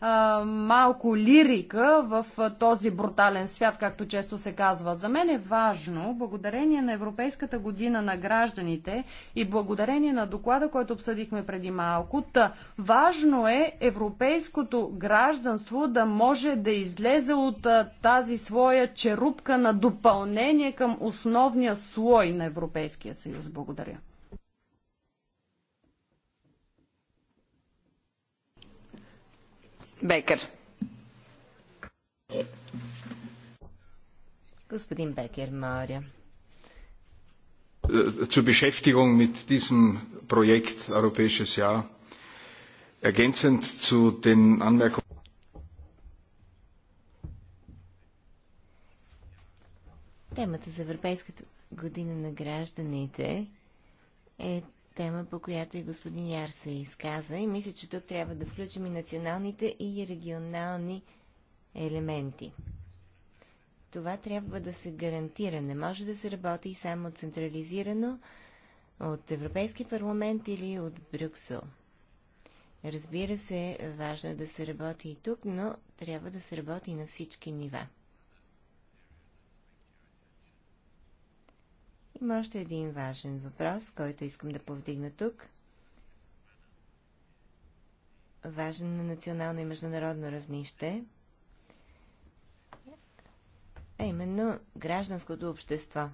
а, малко лирика в този брутален свят, както често се казва. За мен е важно, благодарение на Европейската година на гражданите и благодарение на доклада, който обсъдихме преди малко, та важно е европейското гражданство да може да излезе от тази тази своя черупка на допълнение към основния слой на Европейския съюз. Благодаря. Бекер. Господин Бекер, Мария. Э, zur Beschäftigung mit diesem Projekt Europäisches Jahr ergänzend zu den Anmerkungen Темата за Европейската година на гражданите е тема, по която и господин Яр се изказа и мисля, че тук трябва да включим и националните и регионални елементи. Това трябва да се гарантира. Не може да се работи само централизирано от Европейски парламент или от Брюксел. Разбира се, важно е да се работи и тук, но трябва да се работи на всички нива. Има още един важен въпрос, който искам да повдигна тук. Важен на национално и международно равнище, а именно гражданското общество.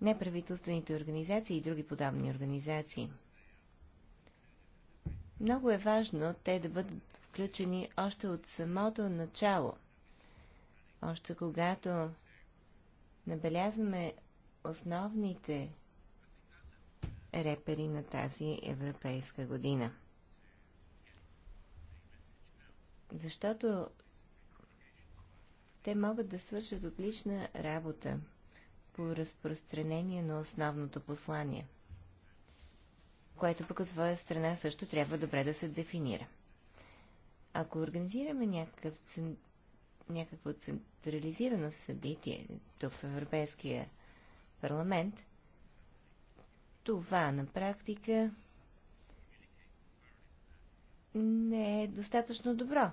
Неправителствените организации и други подобни организации. Много е важно те да бъдат включени още от самото начало. Още когато набелязваме основните репери на тази европейска година. Защото те могат да свършат отлична работа по разпространение на основното послание, което пък от своя страна също трябва добре да се дефинира. Ако организираме някакъв някакво централизирано събитие тук в Европейския парламент, това на практика не е достатъчно добро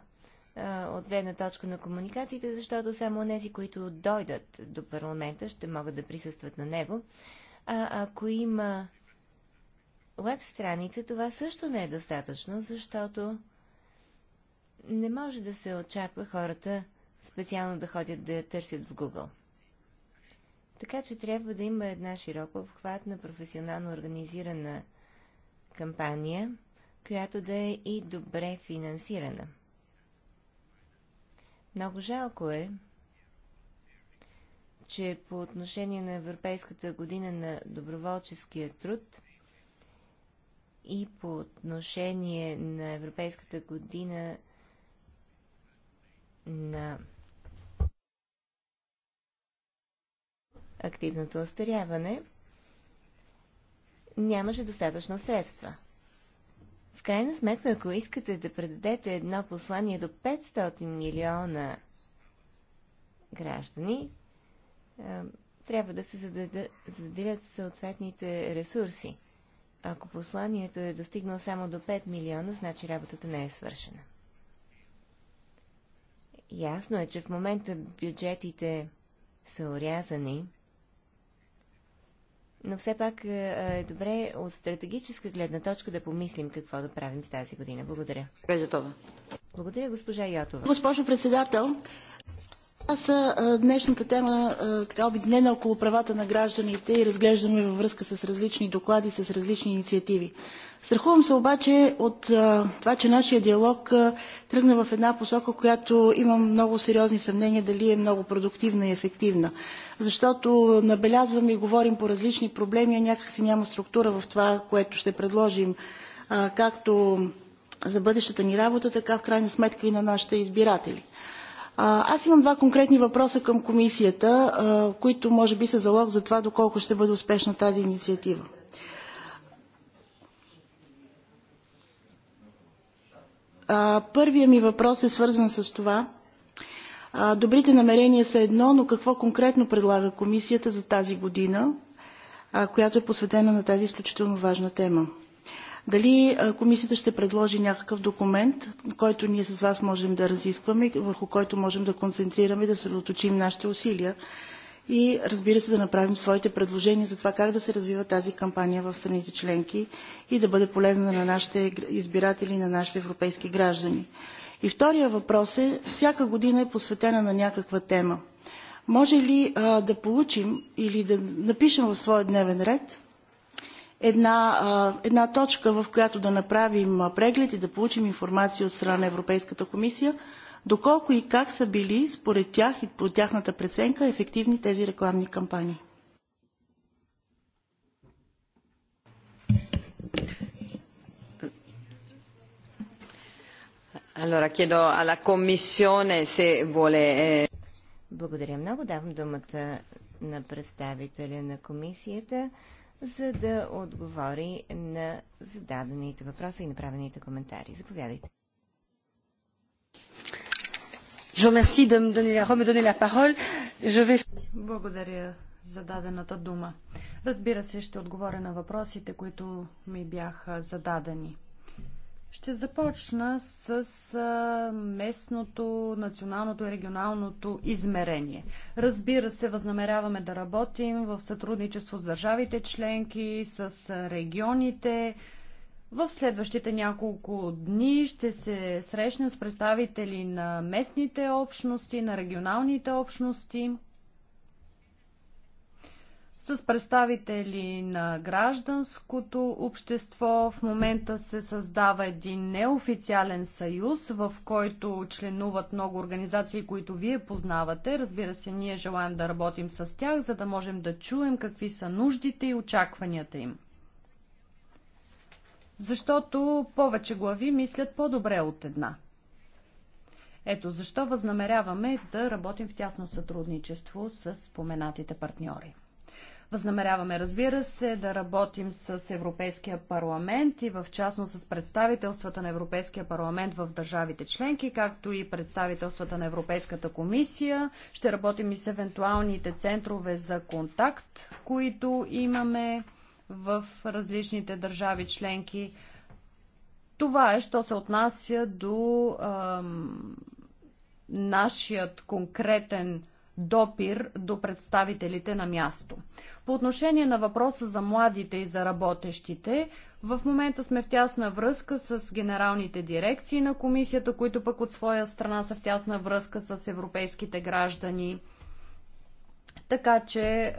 от гледна точка на комуникациите, защото само тези, които дойдат до парламента, ще могат да присъстват на него. А ако има веб страница, това също не е достатъчно, защото не може да се очаква хората специално да ходят да я търсят в Google. Така че трябва да има една широко обхватна, професионално организирана кампания, която да е и добре финансирана. Много жалко е, че по отношение на Европейската година на доброволческия труд и по отношение на Европейската година на активното остаряване, нямаше достатъчно средства. В крайна сметка, ако искате да предадете едно послание до 500 милиона граждани, е, трябва да се заделят съответните ресурси. Ако посланието е достигнало само до 5 милиона, значи работата не е свършена. Ясно е, че в момента бюджетите са урязани – но все пак е, е добре от стратегическа гледна точка да помислим какво да правим с тази година. Благодаря. Благодаря, госпожа Йотова. Госпожо председател, аз а, днешната тема така обединена около правата на гражданите и разглеждаме във връзка с различни доклади, с различни инициативи. Страхувам се обаче от а, това, че нашия диалог а, тръгна в една посока, която имам много сериозни съмнения дали е много продуктивна и ефективна. Защото набелязваме и говорим по различни проблеми, а някакси няма структура в това, което ще предложим а, както за бъдещата ни работа, така в крайна сметка и на нашите избиратели – аз имам два конкретни въпроса към комисията, които може би са залог за това доколко ще бъде успешна тази инициатива. Първият ми въпрос е свързан с това. Добрите намерения са едно, но какво конкретно предлага комисията за тази година, която е посветена на тази изключително важна тема? Дали комисията ще предложи някакъв документ, който ние с вас можем да разискваме, върху който можем да концентрираме, да съсредоточим нашите усилия и разбира се да направим своите предложения за това как да се развива тази кампания в страните членки и да бъде полезна на нашите избиратели, и на нашите европейски граждани. И втория въпрос е, всяка година е посветена на някаква тема. Може ли а, да получим или да напишем в своя дневен ред една, една точка, в която да направим преглед и да получим информация от страна на Европейската комисия, доколко и как са били според тях и по тяхната преценка ефективни тези рекламни кампании. Allora alla se vuole... Eh, Благодаря много. Давам думата на представителя на комисията за да отговори на зададените въпроси и направените коментари. Заповядайте. Благодаря за дадената дума. Разбира се, ще отговоря на въпросите, които ми бяха зададени. Ще започна с местното, националното и регионалното измерение. Разбира се, възнамеряваме да работим в сътрудничество с държавите членки, с регионите. В следващите няколко дни ще се срещнем с представители на местните общности, на регионалните общности. С представители на гражданското общество в момента се създава един неофициален съюз, в който членуват много организации, които вие познавате. Разбира се, ние желаем да работим с тях, за да можем да чуем какви са нуждите и очакванията им. Защото повече глави мислят по-добре от една. Ето защо възнамеряваме да работим в тясно сътрудничество с споменатите партньори. Възнамеряваме, разбира се, да работим с Европейския парламент и в частност с представителствата на Европейския парламент в държавите членки, както и представителствата на Европейската комисия. Ще работим и с евентуалните центрове за контакт, които имаме в различните държави членки. Това е, що се отнася до ам, нашият конкретен допир до представителите на място. По отношение на въпроса за младите и за работещите, в момента сме в тясна връзка с генералните дирекции на комисията, които пък от своя страна са в тясна връзка с европейските граждани така че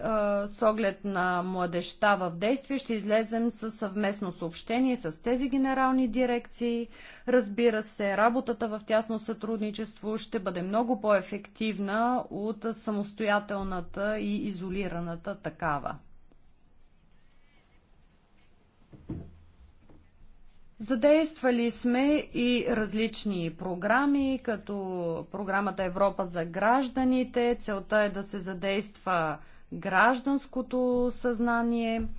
с оглед на младеща в действие ще излезем с съвместно съобщение с тези генерални дирекции. Разбира се, работата в тясно сътрудничество ще бъде много по-ефективна от самостоятелната и изолираната такава. Задействали сме и различни програми, като програмата Европа за гражданите. Целта е да се задейства гражданското съзнание –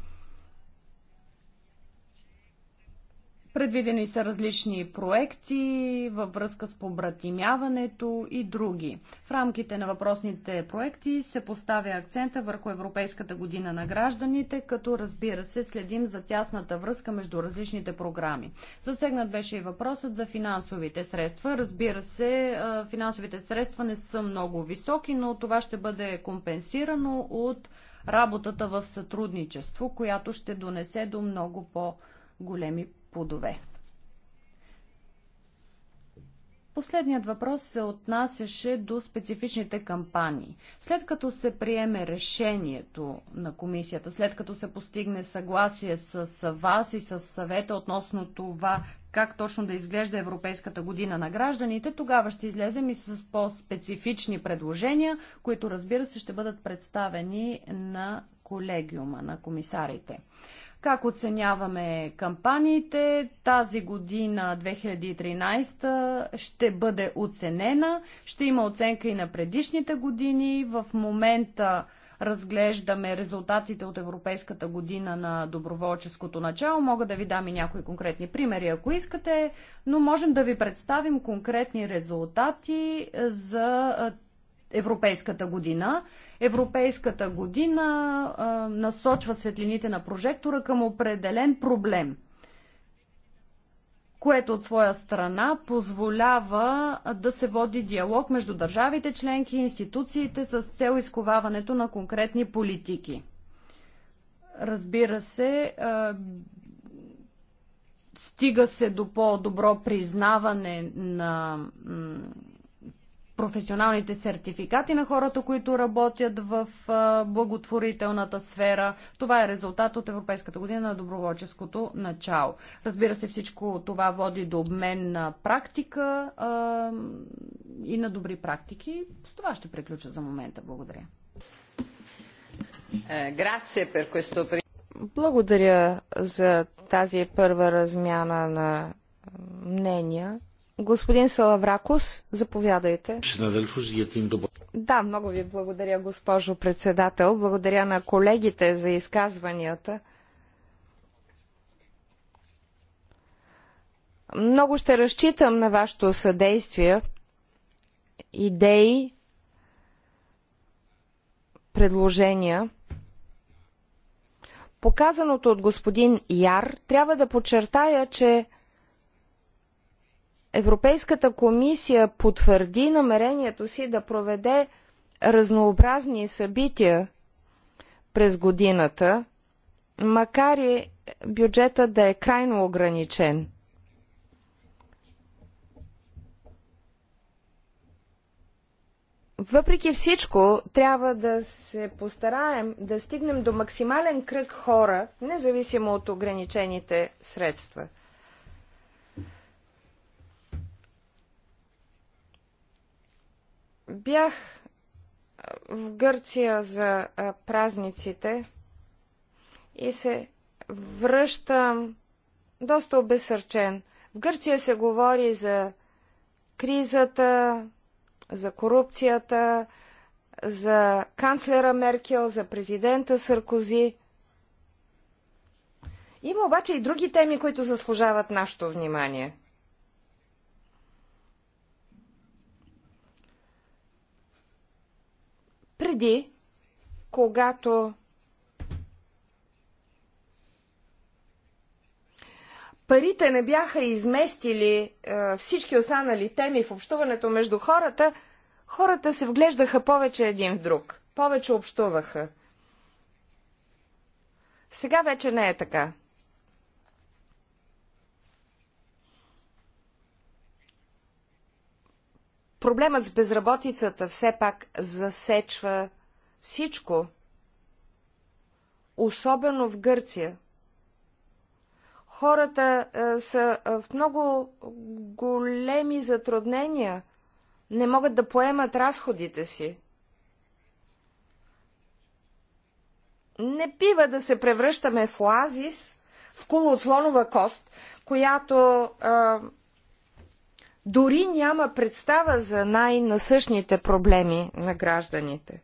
Предвидени са различни проекти във връзка с побратимяването и други. В рамките на въпросните проекти се поставя акцента върху Европейската година на гражданите, като разбира се следим за тясната връзка между различните програми. Засегнат беше и въпросът за финансовите средства. Разбира се, финансовите средства не са много високи, но това ще бъде компенсирано от работата в сътрудничество, която ще донесе до много по-големи плодове. Последният въпрос се отнасяше до специфичните кампании. След като се приеме решението на комисията, след като се постигне съгласие с вас и с съвета относно това как точно да изглежда Европейската година на гражданите, тогава ще излезем и с по-специфични предложения, които разбира се ще бъдат представени на колегиума на комисарите. Как оценяваме кампаниите? Тази година, 2013, ще бъде оценена. Ще има оценка и на предишните години. В момента разглеждаме резултатите от Европейската година на доброволческото начало. Мога да ви дам и някои конкретни примери, ако искате, но можем да ви представим конкретни резултати за Европейската година. Европейската година а, насочва светлините на прожектора към определен проблем, което от своя страна позволява да се води диалог между държавите членки и институциите с цел изковаването на конкретни политики. Разбира се, а, стига се до по-добро признаване на професионалните сертификати на хората, които работят в благотворителната сфера. Това е резултат от Европейската година на доброволческото начало. Разбира се, всичко това води до обмен на практика и на добри практики. С това ще приключа за момента. Благодаря. Е, Благодаря за тази първа размяна на мнения. Господин Салавракос, заповядайте. Да, много ви благодаря, госпожо председател. Благодаря на колегите за изказванията. Много ще разчитам на вашето съдействие, идеи, предложения. Показаното от господин Яр трябва да подчертая, че Европейската комисия потвърди намерението си да проведе разнообразни събития през годината, макар и бюджета да е крайно ограничен. Въпреки всичко, трябва да се постараем да стигнем до максимален кръг хора, независимо от ограничените средства – Бях в Гърция за празниците и се връщам доста обесърчен. В Гърция се говори за кризата, за корупцията, за канцлера Меркел, за президента Саркози. Има обаче и други теми, които заслужават нашето внимание. преди, когато парите не бяха изместили е, всички останали теми в общуването между хората, хората се вглеждаха повече един в друг, повече общуваха. Сега вече не е така. Проблемът с безработицата все пак засечва всичко, особено в Гърция. Хората а, е, са е, в много големи затруднения, не могат да поемат разходите си. Не пива да се превръщаме в оазис, в кула от слонова кост, която а, е, дори няма представа за най-насъщните проблеми на гражданите.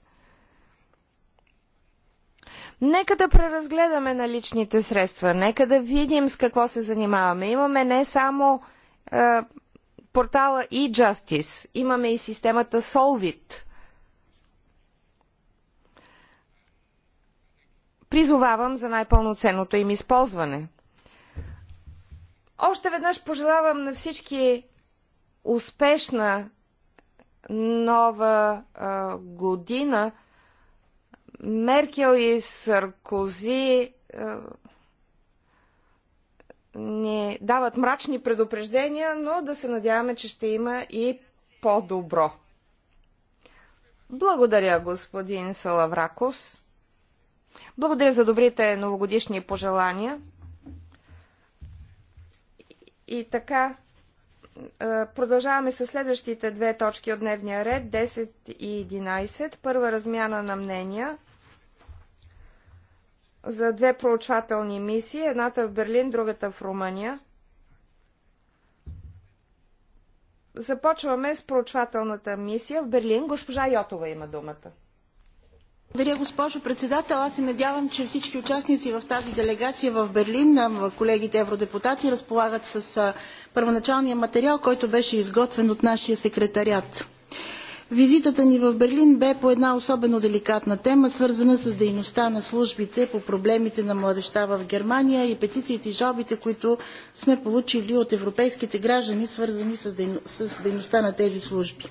Нека да преразгледаме наличните средства, нека да видим с какво се занимаваме. Имаме не само е, портала e-Justice, имаме и системата Solvit. Призовавам за най-пълноценното им използване. Още веднъж пожелавам на всички успешна нова а, година. Меркел и Саркози а, ни дават мрачни предупреждения, но да се надяваме, че ще има и по-добро. Благодаря, господин Салавракос. Благодаря за добрите новогодишни пожелания. И така, е, продължаваме с следващите две точки от дневния ред 10 и 11. Първа размяна на мнения за две проучвателни мисии, едната в Берлин, другата в Румъния. Започваме с проучвателната мисия в Берлин. Госпожа Йотова има думата. Благодаря, госпожо председател. Аз се надявам, че всички участници в тази делегация в Берлин, колегите евродепутати, разполагат с първоначалния материал, който беше изготвен от нашия секретарят. Визитата ни в Берлин бе по една особено деликатна тема, свързана с дейността на службите по проблемите на младеща в Германия и петициите и жалбите, които сме получили от европейските граждани, свързани с дейността на тези служби.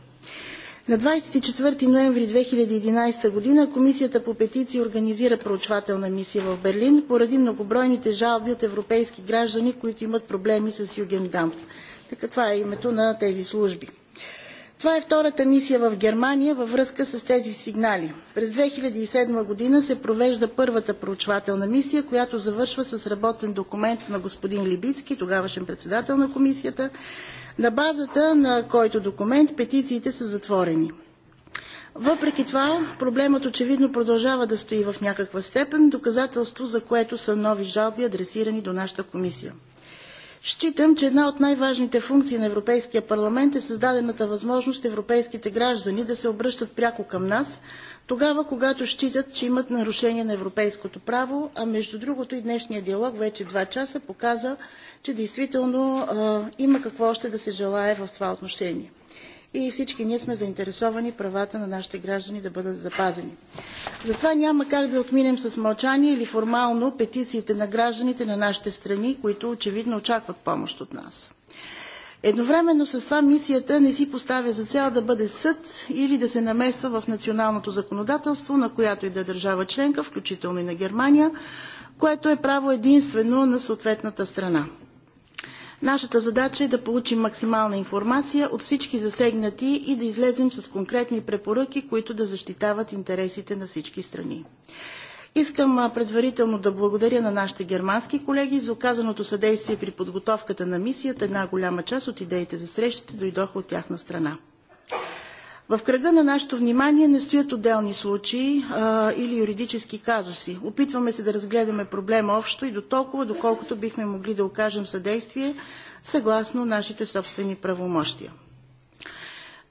На 24 ноември 2011 година Комисията по петиции организира проучвателна мисия в Берлин поради многобройните жалби от европейски граждани, които имат проблеми с Югендамт. Така това е името на тези служби. Това е втората мисия в Германия във връзка с тези сигнали. През 2007 година се провежда първата проучвателна мисия, която завършва с работен документ на господин Либицки, тогавашен председател на комисията, на базата на който документ петициите са затворени. Въпреки това, проблемът очевидно продължава да стои в някаква степен, доказателство за което са нови жалби, адресирани до нашата комисия. Считам, че една от най-важните функции на Европейския парламент е създадената възможност европейските граждани да се обръщат пряко към нас, тогава когато считат, че имат нарушение на европейското право, а между другото и днешния диалог, вече два часа, показа, че действително а, има какво още да се желае в това отношение и всички ние сме заинтересовани правата на нашите граждани да бъдат запазени. Затова няма как да отминем с мълчание или формално петициите на гражданите на нашите страни, които очевидно очакват помощ от нас. Едновременно с това мисията не си поставя за цел да бъде съд или да се намесва в националното законодателство на която и да е държава членка, включително и на Германия, което е право единствено на съответната страна. Нашата задача е да получим максимална информация от всички засегнати и да излезем с конкретни препоръки, които да защитават интересите на всички страни. Искам предварително да благодаря на нашите германски колеги за оказаното съдействие при подготовката на мисията. Една голяма част от идеите за срещите дойдоха от тяхна страна. В кръга на нашето внимание не стоят отделни случаи а, или юридически казуси. Опитваме се да разгледаме проблема общо и до толкова, доколкото бихме могли да окажем съдействие съгласно нашите собствени правомощия.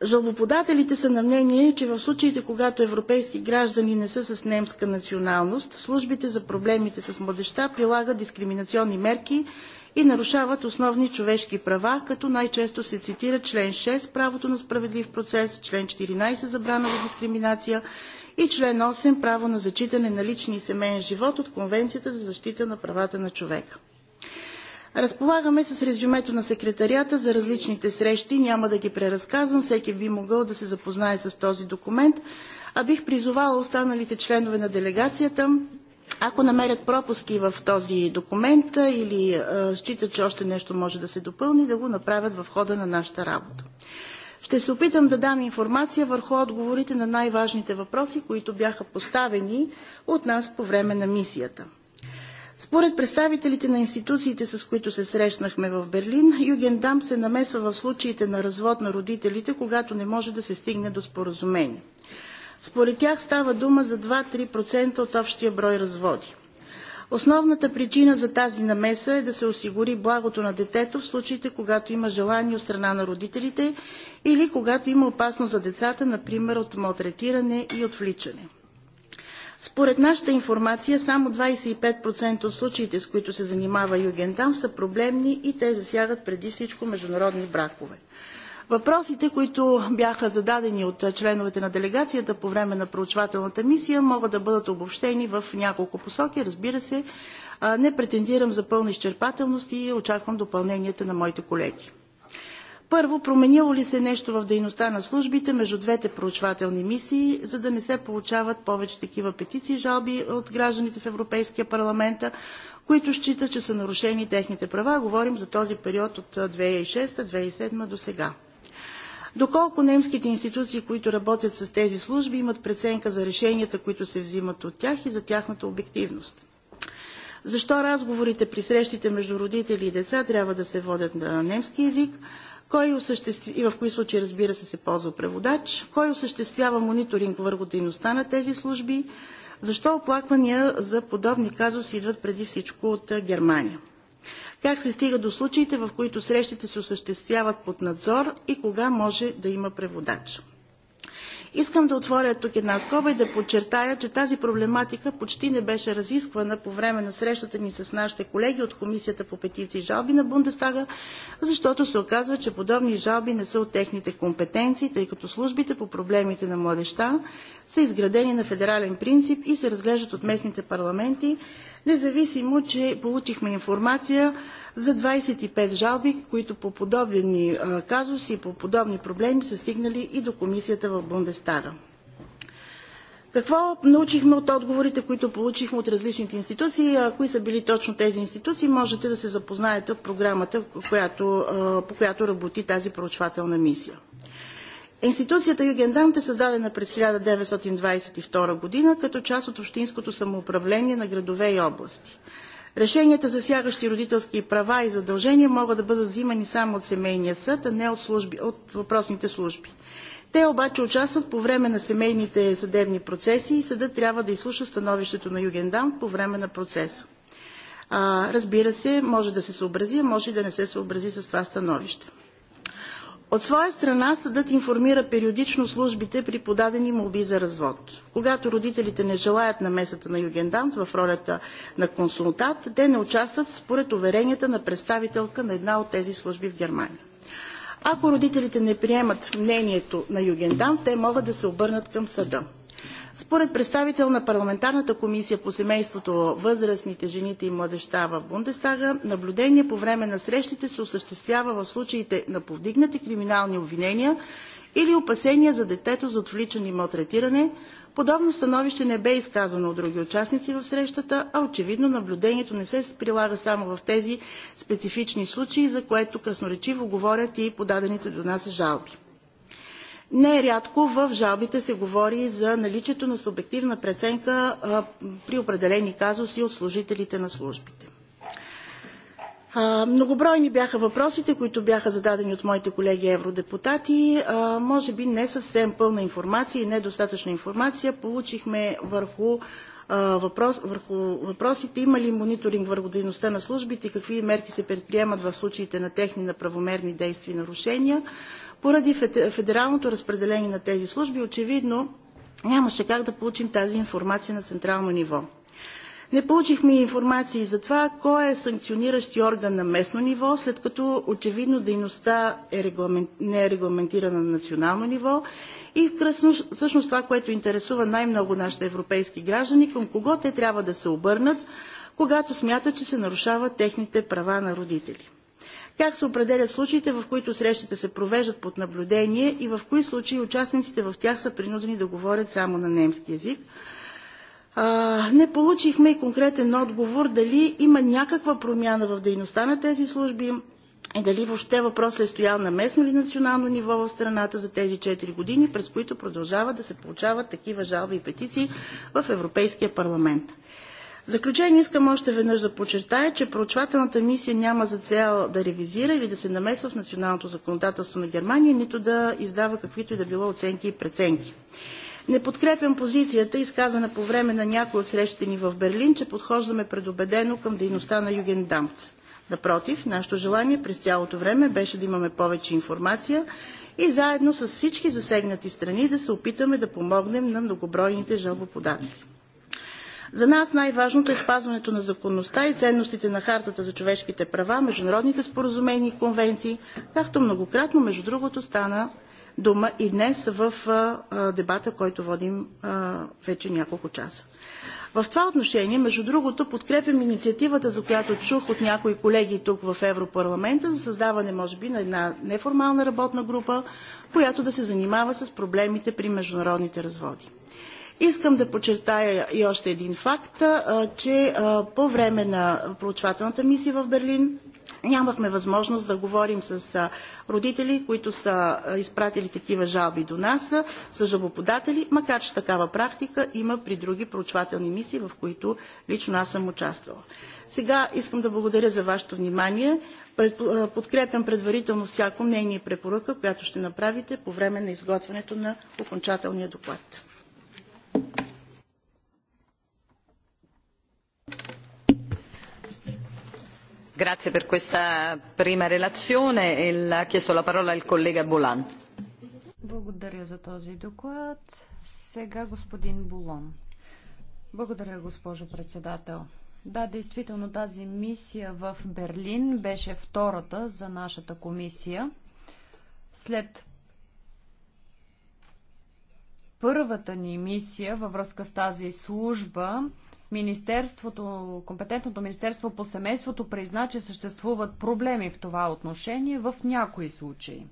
Жалбоподателите са на мнение, че в случаите, когато европейски граждани не са с немска националност, службите за проблемите с младеща прилагат дискриминационни мерки и нарушават основни човешки права, като най-често се цитира член 6 – правото на справедлив процес, член 14 – забрана за дискриминация и член 8 – право на зачитане на личния и семейен живот от Конвенцията за защита на правата на човека. Разполагаме с резюмето на секретарията за различните срещи, няма да ги преразказвам, всеки би могъл да се запознае с този документ, а бих призовала останалите членове на делегацията ако намерят пропуски в този документ или считат, че още нещо може да се допълни, да го направят в хода на нашата работа. Ще се опитам да дам информация върху отговорите на най-важните въпроси, които бяха поставени от нас по време на мисията. Според представителите на институциите, с които се срещнахме в Берлин, Югендам се намесва в случаите на развод на родителите, когато не може да се стигне до споразумение. Според тях става дума за 2-3% от общия брой разводи. Основната причина за тази намеса е да се осигури благото на детето в случаите, когато има желание от страна на родителите или когато има опасност за децата, например от малтретиране и отвличане. Според нашата информация, само 25% от случаите, с които се занимава Югендам, са проблемни и те засягат преди всичко международни бракове. Въпросите, които бяха зададени от членовете на делегацията по време на проучвателната мисия, могат да бъдат обобщени в няколко посоки. Разбира се, не претендирам за пълна изчерпателност и очаквам допълненията на моите колеги. Първо, променило ли се нещо в дейността на службите между двете проучвателни мисии, за да не се получават повече такива петиции и жалби от гражданите в Европейския парламент, които считат, че са нарушени техните права. Говорим за този период от 2006-2007 до сега. Доколко немските институции, които работят с тези служби, имат преценка за решенията, които се взимат от тях и за тяхната обективност? Защо разговорите при срещите между родители и деца трябва да се водят на немски язик? Кой и в кои случаи, разбира се, се ползва преводач? Кой осъществява мониторинг върху дейността на тези служби? Защо оплаквания за подобни казуси идват преди всичко от Германия? Как се стига до случаите, в които срещите се осъществяват под надзор и кога може да има преводач? Искам да отворя тук една скоба и да подчертая, че тази проблематика почти не беше разисквана по време на срещата ни с нашите колеги от Комисията по петиции и жалби на Бундестага, защото се оказва, че подобни жалби не са от техните компетенции, тъй като службите по проблемите на младеща са изградени на федерален принцип и се разглеждат от местните парламенти, независимо, че получихме информация за 25 жалби, които по подобни казуси и по подобни проблеми са стигнали и до комисията в Бундестага. Какво научихме от отговорите, които получихме от различните институции? Кои са били точно тези институции? Можете да се запознаете от програмата, по която работи тази проучвателна мисия. Институцията Югендант е създадена през 1922 година като част от общинското самоуправление на градове и области. Решенията, засягащи родителски права и задължения, могат да бъдат взимани само от семейния съд, а не от, служби, от въпросните служби. Те обаче участват по време на семейните съдебни процеси и съдът трябва да изслуша становището на Югендант по време на процеса. А, разбира се, може да се съобрази, а може и да не се съобрази с това становище. От своя страна съдът информира периодично службите при подадени молби за развод. Когато родителите не желаят намесата на югендант в ролята на консултант, те не участват според уверенията на представителка на една от тези служби в Германия. Ако родителите не приемат мнението на югендант, те могат да се обърнат към съда. Според представител на парламентарната комисия по семейството, възрастните, жените и младеща в Бундестага, наблюдение по време на срещите се осъществява в случаите на повдигнати криминални обвинения или опасения за детето за отвличане и малтретиране. Подобно становище не бе изказано от други участници в срещата, а очевидно наблюдението не се прилага само в тези специфични случаи, за което красноречиво говорят и подадените до нас жалби. Нерядко в жалбите се говори за наличието на субективна преценка а, при определени казуси от служителите на службите. Многобройни бяха въпросите, които бяха зададени от моите колеги евродепутати. Може би не съвсем пълна информация и недостатъчна информация получихме върху, въпрос, върху въпросите има ли мониторинг върху дейността на службите, какви мерки се предприемат в случаите на техни неправомерни действия и нарушения. Поради федералното разпределение на тези служби, очевидно нямаше как да получим тази информация на централно ниво. Не получихме информации за това кой е санкциониращи орган на местно ниво, след като очевидно дейността е регламент... не е регламентирана на национално ниво и всъщност това, което интересува най-много нашите европейски граждани, към кого те трябва да се обърнат, когато смятат, че се нарушават техните права на родители. Как се определят случаите, в които срещите се провеждат под наблюдение и в кои случаи участниците в тях са принудени да говорят само на немски язик? не получихме и конкретен отговор дали има някаква промяна в дейността на тези служби и дали въобще въпросът е стоял на местно или национално ниво в страната за тези 4 години, през които продължават да се получават такива жалби и петиции в Европейския парламент. В заключение искам още веднъж да подчертая, че проучвателната мисия няма за цел да ревизира или да се намесва в националното законодателство на Германия, нито да издава каквито и да било оценки и преценки. Не подкрепям позицията, изказана по време на някои от срещите ни в Берлин, че подхождаме предубедено към дейността на юген Дамц. Напротив, нашето желание през цялото време беше да имаме повече информация и заедно с всички засегнати страни да се опитаме да помогнем на многобройните жалбоподатели. За нас най-важното е спазването на законността и ценностите на Хартата за човешките права, международните споразумения и конвенции, както многократно, между другото, стана дума и днес в дебата, който водим вече няколко часа. В това отношение, между другото, подкрепям инициативата, за която чух от някои колеги тук в Европарламента, за създаване, може би, на една неформална работна група, която да се занимава с проблемите при международните разводи. Искам да подчертая и още един факт, че по време на проучвателната мисия в Берлин нямахме възможност да говорим с родители, които са изпратили такива жалби до нас, с жалбоподатели, макар че такава практика има при други проучвателни мисии, в които лично аз съм участвала. Сега искам да благодаря за вашето внимание. Подкрепям предварително всяко мнение и препоръка, която ще направите по време на изготвянето на окончателния доклад. Grazie per questa prima relazione e ha chiesto la parola il collega Bolan. Благодаря за този доклад. Сега господин Булон. Благодаря, госпожо председател. Да, действително тази мисия в Берлин беше втората за нашата комисия. След първата ни мисия във връзка с тази служба, Министерството, компетентното Министерство по семейството призна, че съществуват проблеми в това отношение в някои случаи.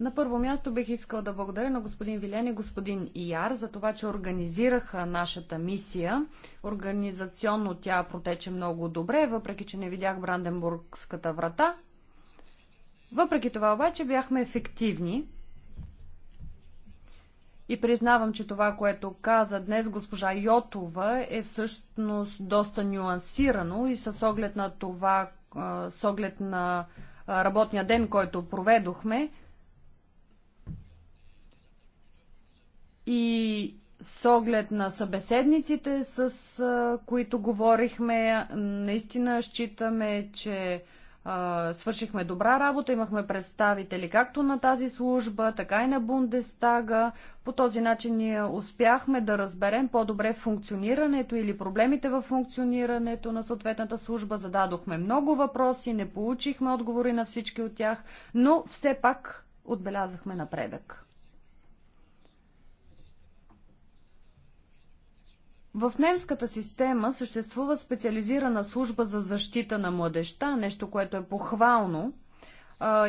На първо място бих искал да благодаря на господин Вилен и господин Ияр за това, че организираха нашата мисия. Организационно тя протече много добре, въпреки че не видях Бранденбургската врата. Въпреки това обаче бяхме ефективни и признавам, че това, което каза днес госпожа Йотова е всъщност доста нюансирано и с оглед на това, с оглед на работния ден, който проведохме и с оглед на събеседниците, с които говорихме, наистина считаме, че свършихме добра работа, имахме представители както на тази служба, така и на Бундестага. По този начин ние успяхме да разберем по-добре функционирането или проблемите в функционирането на съответната служба. Зададохме много въпроси, не получихме отговори на всички от тях, но все пак отбелязахме напредък. В немската система съществува специализирана служба за защита на младеща, нещо, което е похвално.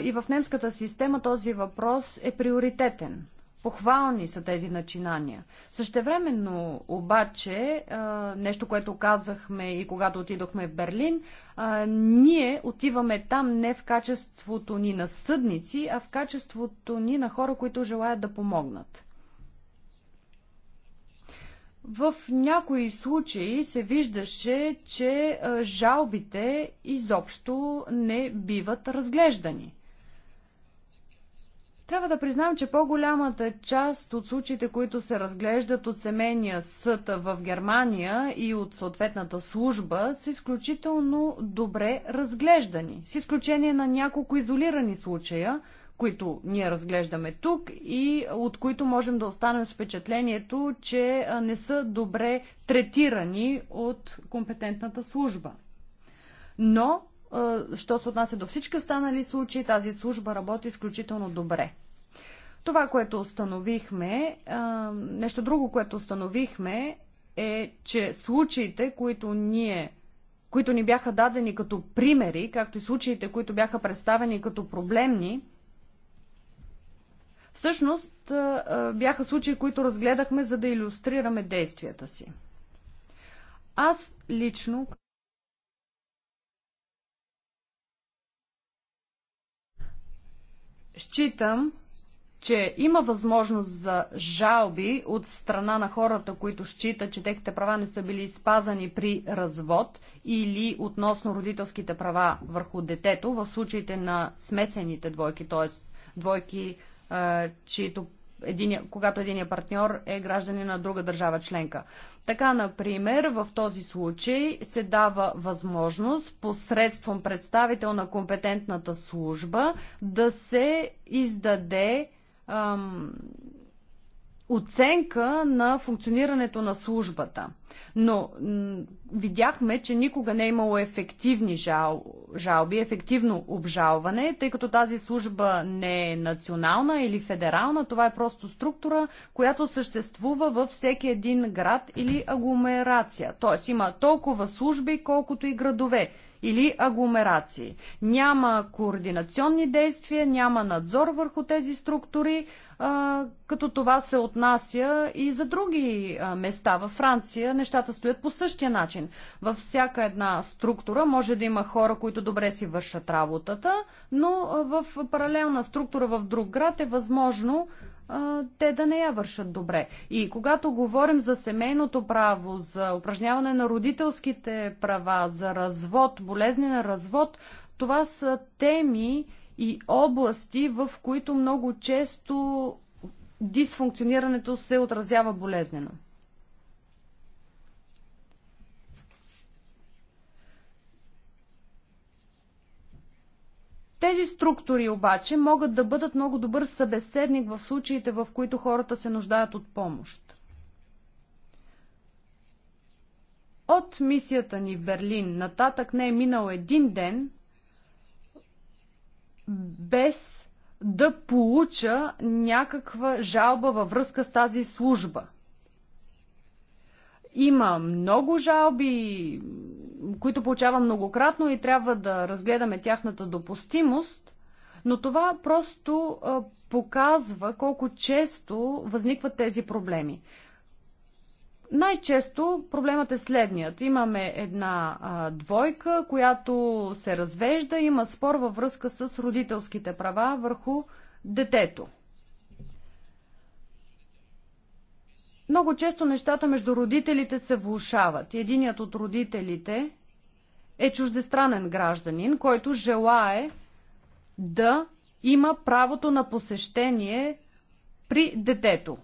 И в немската система този въпрос е приоритетен. Похвални са тези начинания. Същевременно обаче, нещо, което казахме и когато отидохме в Берлин, ние отиваме там не в качеството ни на съдници, а в качеството ни на хора, които желаят да помогнат. В някои случаи се виждаше, че жалбите изобщо не биват разглеждани. Трябва да признам, че по-голямата част от случаите, които се разглеждат от семейния съд в Германия и от съответната служба, са изключително добре разглеждани, с изключение на няколко изолирани случая, които ние разглеждаме тук и от които можем да останем с впечатлението, че не са добре третирани от компетентната служба. Но, що се отнася до всички останали случаи, тази служба работи изключително добре. Това, което установихме, нещо друго, което установихме е, че случаите, които ние които ни бяха дадени като примери, както и случаите, които бяха представени като проблемни, Всъщност бяха случаи, които разгледахме, за да иллюстрираме действията си. Аз лично. Считам, че има възможност за жалби от страна на хората, които считат, че техните права не са били спазани при развод или относно родителските права върху детето в случаите на смесените двойки, т.е. двойки чието единия, когато единият партньор е гражданин на друга държава членка. Така, например, в този случай се дава възможност посредством представител на компетентната служба да се издаде ам, оценка на функционирането на службата. Но видяхме, че никога не е имало ефективни жал, жалби, ефективно обжалване, тъй като тази служба не е национална или федерална, това е просто структура, която съществува във всеки един град или агломерация. Тоест има толкова служби, колкото и градове или агломерации. Няма координационни действия, няма надзор върху тези структури, като това се отнася и за други места във Франция. Нещата стоят по същия начин. Във всяка една структура може да има хора, които добре си вършат работата, но в паралелна структура в друг град е възможно те да не я вършат добре. И когато говорим за семейното право, за упражняване на родителските права, за развод, болезнен развод, това са теми и области, в които много често дисфункционирането се отразява болезнено. Тези структури обаче могат да бъдат много добър събеседник в случаите, в които хората се нуждаят от помощ. От мисията ни в Берлин нататък не е минал един ден без да получа някаква жалба във връзка с тази служба. Има много жалби, които получавам многократно и трябва да разгледаме тяхната допустимост, но това просто а, показва колко често възникват тези проблеми. Най-често проблемът е следният. Имаме една а, двойка, която се развежда, има спор във връзка с родителските права върху детето. Много често нещата между родителите се влушават. Единият от родителите е чуждестранен гражданин, който желае да има правото на посещение при детето.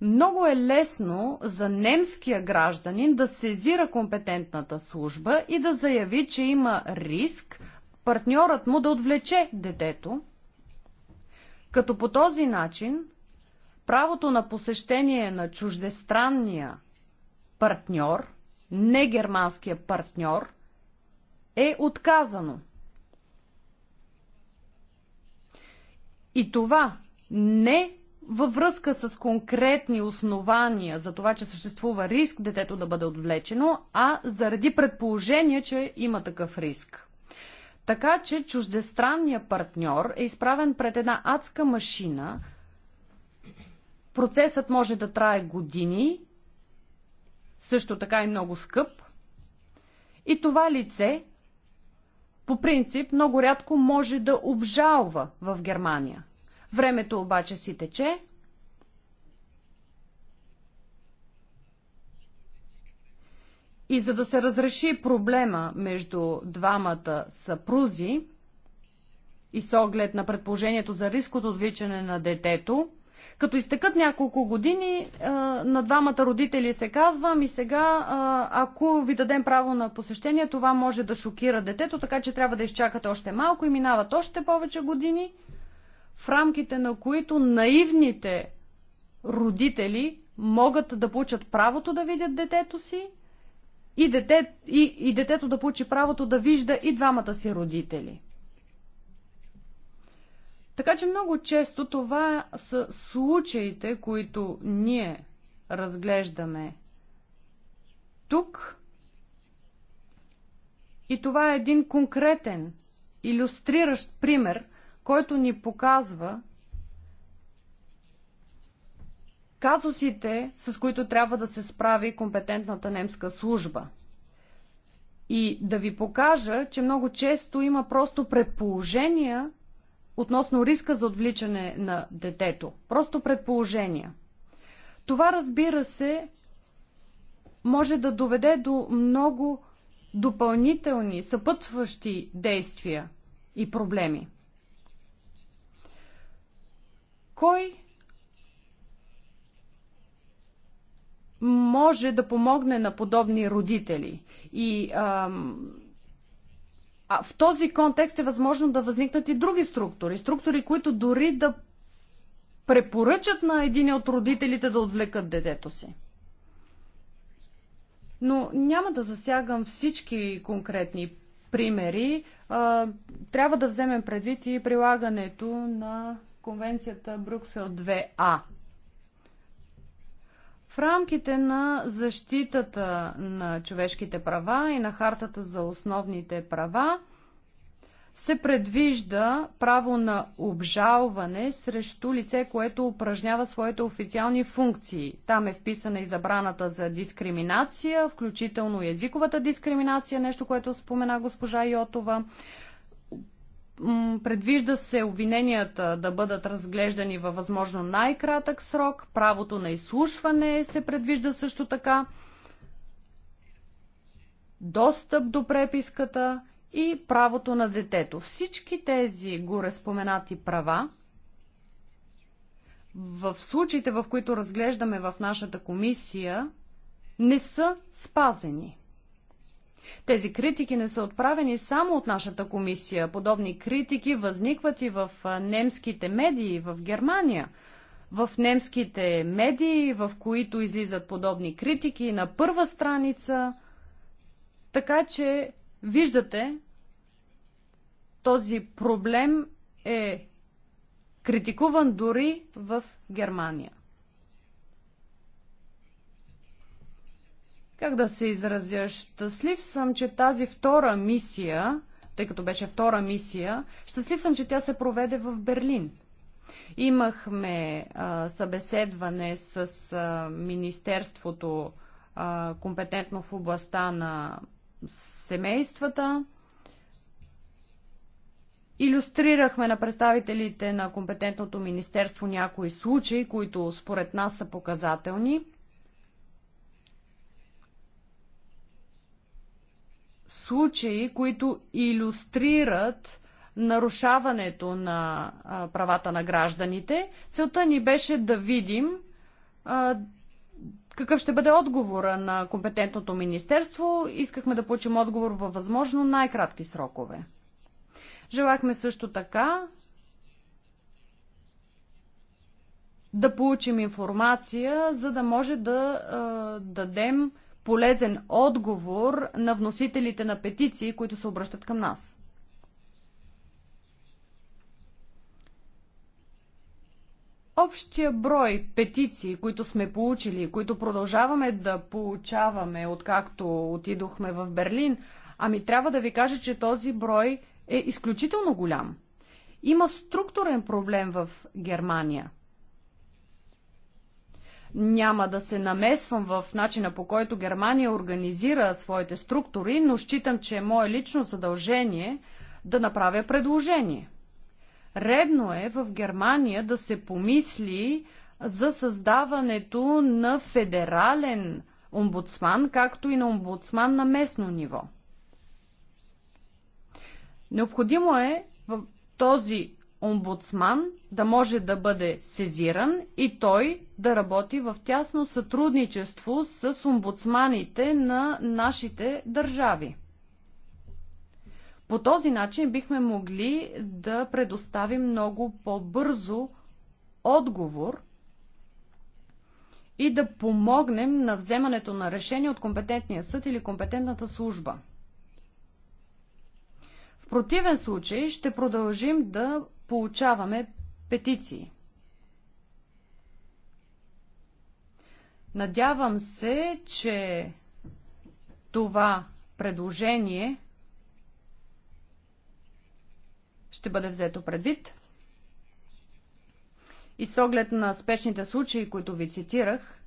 Много е лесно за немския гражданин да сезира компетентната служба и да заяви, че има риск партньорът му да отвлече детето, като по този начин правото на посещение на чуждестранния партньор, не германския партньор, е отказано. И това не във връзка с конкретни основания за това, че съществува риск детето да бъде отвлечено, а заради предположение, че има такъв риск. Така че чуждестранният партньор е изправен пред една адска машина – Процесът може да трае години, също така и много скъп. И това лице, по принцип, много рядко може да обжалва в Германия. Времето обаче си тече. И за да се разреши проблема между двамата съпрузи и с оглед на предположението за риск от отвличане на детето, като изтекат няколко години, на двамата родители се казва, и сега, ако ви дадем право на посещение, това може да шокира детето, така че трябва да изчакате още малко и минават още повече години, в рамките на които наивните родители могат да получат правото да видят детето си и, дете, и, и детето да получи правото да вижда и двамата си родители. Така че много често това са случаите, които ние разглеждаме тук. И това е един конкретен, иллюстриращ пример, който ни показва казусите, с които трябва да се справи компетентната немска служба. И да ви покажа, че много често има просто предположения, относно риска за отвличане на детето. Просто предположения. Това, разбира се, може да доведе до много допълнителни, съпътстващи действия и проблеми. Кой може да помогне на подобни родители? И ам, а в този контекст е възможно да възникнат и други структури. Структури, които дори да препоръчат на един от родителите да отвлекат детето си. Но няма да засягам всички конкретни примери. Трябва да вземем предвид и прилагането на конвенцията Брюксел 2А. В рамките на защитата на човешките права и на хартата за основните права се предвижда право на обжалване срещу лице, което упражнява своите официални функции. Там е вписана и забраната за дискриминация, включително езиковата дискриминация, нещо, което спомена госпожа Йотова. Предвижда се обвиненията да бъдат разглеждани във възможно най-кратък срок. Правото на изслушване се предвижда също така. Достъп до преписката и правото на детето. Всички тези споменати права в случаите, в които разглеждаме в нашата комисия, не са спазени. Тези критики не са отправени само от нашата комисия. Подобни критики възникват и в немските медии в Германия. В немските медии, в които излизат подобни критики на първа страница. Така че виждате, този проблем е критикуван дори в Германия. как да се изразя, щастлив съм, че тази втора мисия, тъй като беше втора мисия, щастлив съм, че тя се проведе в Берлин. Имахме а, събеседване с а, Министерството, а, компетентно в областта на семействата. Илюстрирахме на представителите на компетентното министерство някои случаи, които според нас са показателни. случаи, които иллюстрират нарушаването на а, правата на гражданите. Целта ни беше да видим а, какъв ще бъде отговора на компетентното министерство. Искахме да получим отговор във възможно най-кратки срокове. Желахме също така да получим информация, за да може да а, дадем полезен отговор на вносителите на петиции, които се обръщат към нас. Общия брой петиции, които сме получили, които продължаваме да получаваме, откакто отидохме в Берлин, ами трябва да ви кажа, че този брой е изключително голям. Има структурен проблем в Германия. Няма да се намесвам в начина по който Германия организира своите структури, но считам, че е мое лично задължение да направя предложение. Редно е в Германия да се помисли за създаването на федерален омбудсман, както и на омбудсман на местно ниво. Необходимо е в този омбудсман да може да бъде сезиран и той да работи в тясно сътрудничество с омбудсманите на нашите държави. По този начин бихме могли да предоставим много по-бързо отговор и да помогнем на вземането на решение от компетентния съд или компетентната служба. В противен случай ще продължим да получаваме петиции. Надявам се, че това предложение ще бъде взето предвид. И с оглед на спешните случаи, които ви цитирах,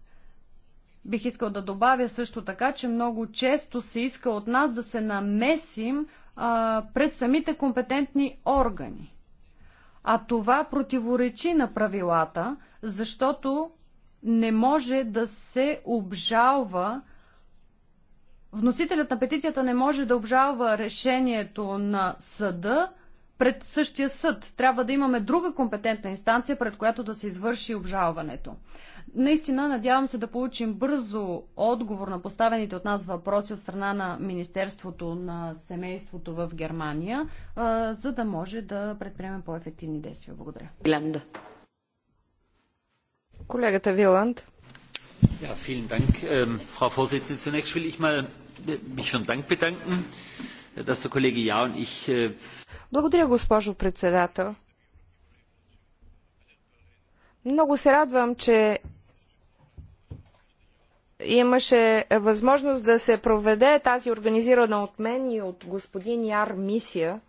бих искал да добавя също така, че много често се иска от нас да се намесим а, пред самите компетентни органи. А това противоречи на правилата, защото не може да се обжалва. Вносителят на петицията не може да обжалва решението на съда, пред същия съд. Трябва да имаме друга компетентна инстанция, пред която да се извърши обжалването. Наистина, надявам се да получим бързо отговор на поставените от нас въпроси от страна на Министерството на семейството в Германия, за да може да предприемем по-ефективни действия. Благодаря. Гленда. Колегата Виланд. Ja, vielen Dank, ähm, Frau Vorsitzende. Zunächst will ich mal, äh, mich für den Dank bedanken, dass der Kollege Ja und ich äh, благодаря, госпожо председател. Много се радвам, че имаше възможност да се проведе тази организирана от мен и от господин Яр мисия.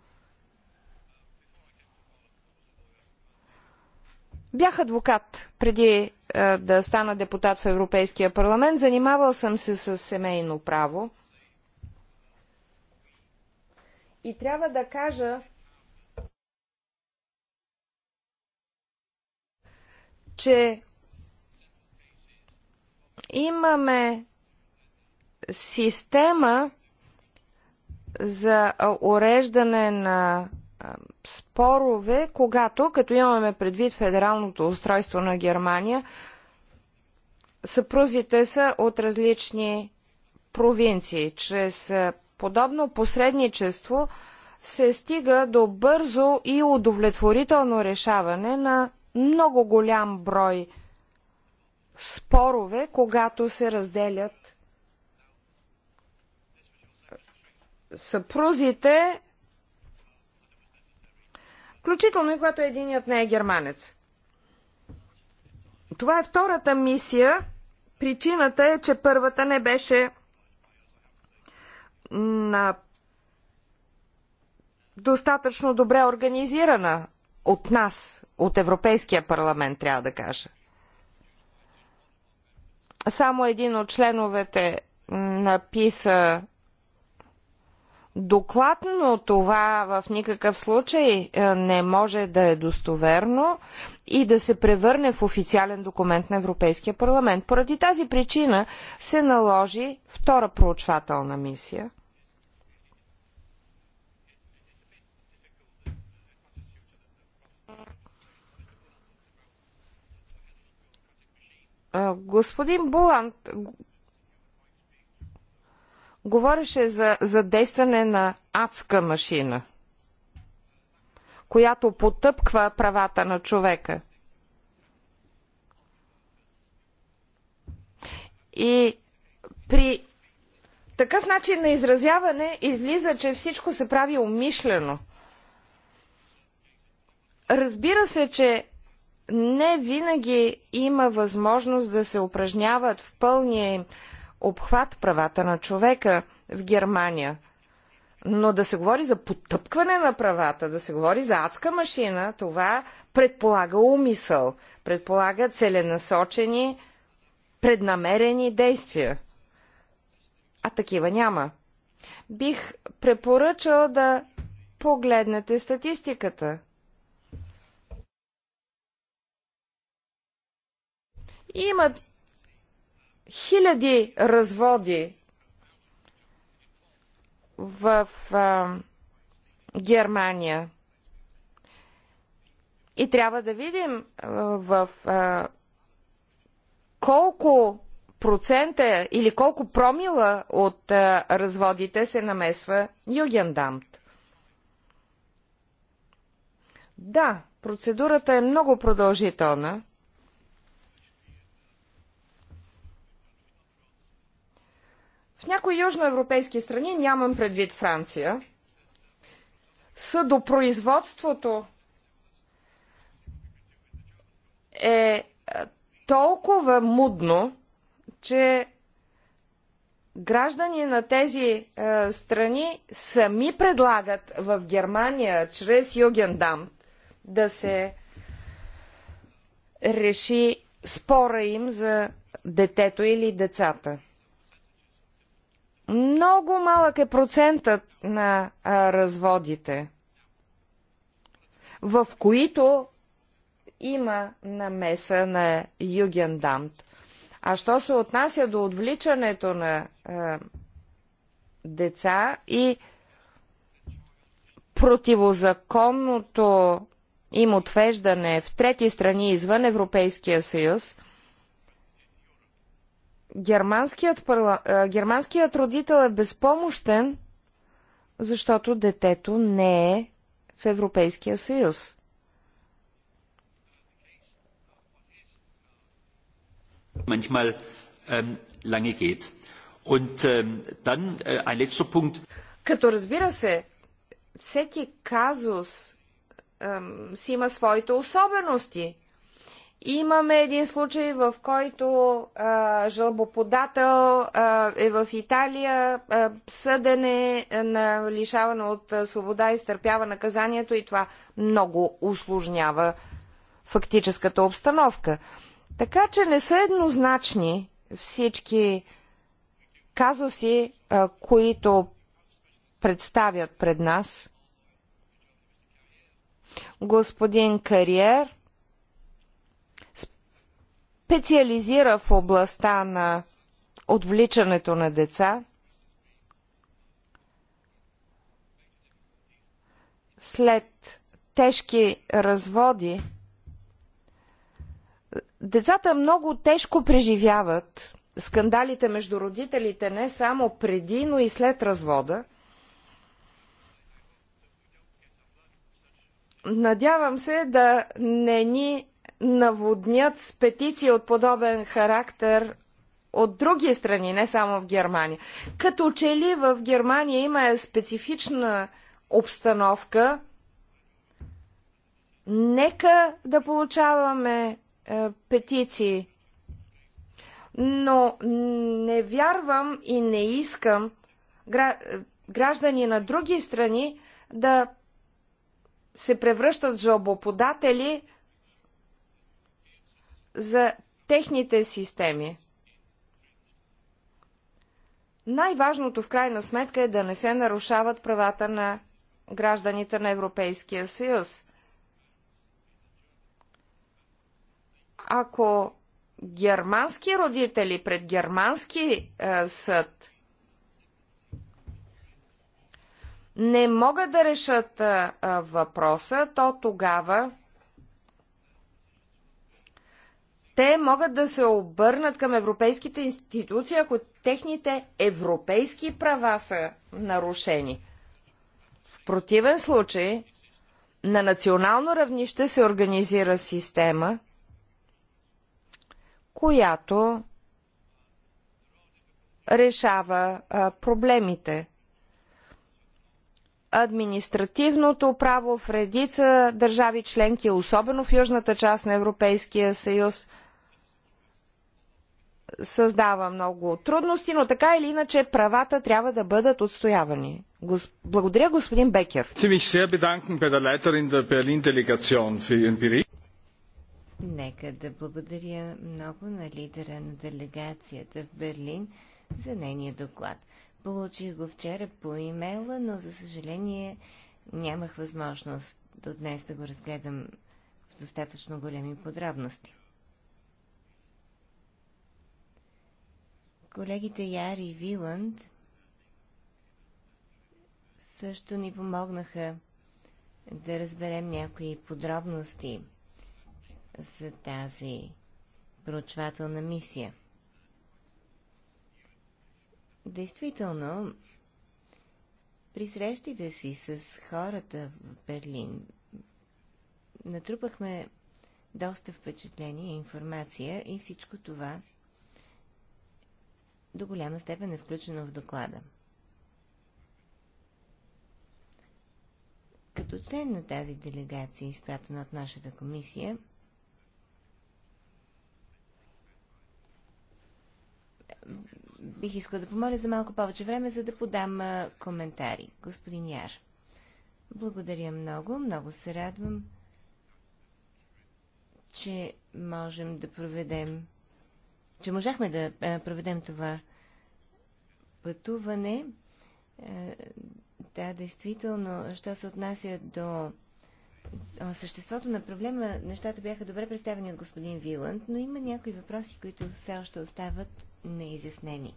Бях адвокат преди е, да стана депутат в Европейския парламент. Занимавал съм се с семейно право. И трябва да кажа, че имаме система за уреждане на спорове, когато, като имаме предвид федералното устройство на Германия, съпрузите са от различни провинции. Чрез подобно посредничество се стига до бързо и удовлетворително решаване на много голям брой спорове, когато се разделят съпрузите, включително и когато единият не е германец. Това е втората мисия. Причината е, че първата не беше на достатъчно добре организирана от нас от Европейския парламент, трябва да кажа. Само един от членовете написа доклад, но това в никакъв случай е, не може да е достоверно и да се превърне в официален документ на Европейския парламент. Поради тази причина се наложи втора проучвателна мисия – Господин Буланд говореше за за действане на адска машина, която потъпква правата на човека. И при такъв начин на изразяване излиза, че всичко се прави умишлено. Разбира се, че не винаги има възможност да се упражняват в пълния им обхват правата на човека в Германия. Но да се говори за потъпкване на правата, да се говори за адска машина, това предполага умисъл, предполага целенасочени, преднамерени действия. А такива няма. Бих препоръчал да погледнете статистиката – Имат хиляди разводи в а, Германия. И трябва да видим а, в а, колко процента или колко промила от а, разводите се намесва Югендамт. Да, процедурата е много продължителна. В някои южноевропейски страни, нямам предвид Франция, съдопроизводството е, е толкова мудно, че граждани на тези е, страни сами предлагат в Германия чрез Югендам да се реши спора им за детето или децата. Много малък е процентът на а, разводите, в които има намеса на Югендамт. А що се отнася до отвличането на а, деца и противозаконното им отвеждане в трети страни извън Европейския съюз – германският, парла... германският родител е безпомощен, защото детето не е в Европейския съюз. Manchmal ähm, lange geht. Und ähm, dann äh, ein letzter Punkt. Като разбира се, всеки казус ähm, си има своите особености. Имаме един случай, в който а, жалбоподател а, е в Италия, а, е, на лишаване от а, свобода и стърпява наказанието и това много усложнява фактическата обстановка. Така че не са еднозначни всички казуси, а, които представят пред нас. Господин Кариер – специализира в областта на отвличането на деца. След тежки разводи, децата много тежко преживяват скандалите между родителите не само преди, но и след развода. Надявам се да не ни наводнят с петиции от подобен характер от други страни, не само в Германия. Като че ли в Германия има специфична обстановка, нека да получаваме е, петиции. Но не вярвам и не искам граждани на други страни да се превръщат в жалбоподатели за техните системи. Най-важното в крайна сметка е да не се нарушават правата на гражданите на Европейския съюз. Ако германски родители пред германски е, съд не могат да решат е, е въпроса, то тогава те могат да се обърнат към европейските институции, ако техните европейски права са нарушени. В противен случай, на национално равнище се организира система, която решава а, проблемите. Административното право в редица държави членки, особено в южната част на Европейския съюз – създава много трудности, но така или иначе правата трябва да бъдат отстоявани. Гос... Благодаря, господин Бекер. Нека да благодаря много на лидера на делегацията в Берлин за нейния доклад. Получих го вчера по имейла, но за съжаление нямах възможност до днес да го разгледам в достатъчно големи подробности. Колегите Яри и Виланд също ни помогнаха да разберем някои подробности за тази проучвателна мисия. Действително, при срещите си с хората в Берлин натрупахме доста впечатление и информация и всичко това до голяма степен е включено в доклада. Като член на тази делегация, изпратена от нашата комисия, бих искала да помоля за малко повече време, за да подам коментари. Господин Яр, благодаря много, много се радвам, че можем да проведем, че можахме да проведем това пътуване. Е, да, действително, що се отнася до съществото на проблема, нещата бяха добре представени от господин Виланд, но има някои въпроси, които все още остават неизяснени.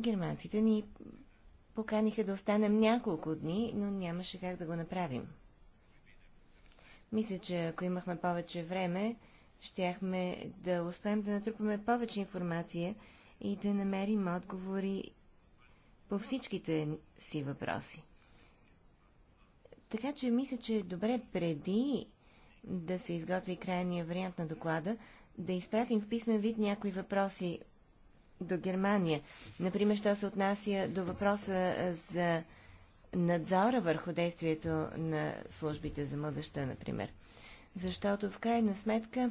Германците ни поканиха да останем няколко дни, но нямаше как да го направим. Мисля, че ако имахме повече време, щяхме да успеем да натрупаме повече информация и да намерим отговори по всичките си въпроси. Така че мисля, че е добре преди да се изготви крайния вариант на доклада, да изпратим в писмен вид някои въпроси до Германия. Например, що се отнася до въпроса за надзора върху действието на службите за младеща, например. Защото в крайна сметка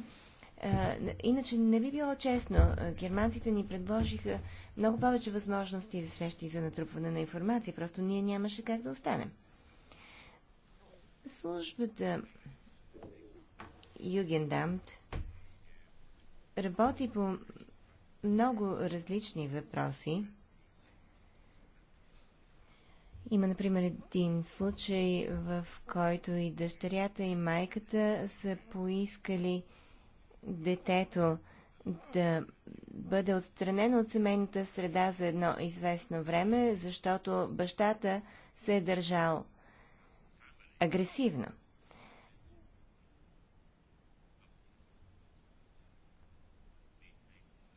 е, иначе не би било честно. Германците ни предложиха много повече възможности за срещи и за натрупване на информация. Просто ние нямаше как да останем. Службата Югендамт работи по много различни въпроси. Има, например, един случай, в който и дъщерята, и майката са поискали детето да бъде отстранено от семейната среда за едно известно време, защото бащата се е държал агресивно.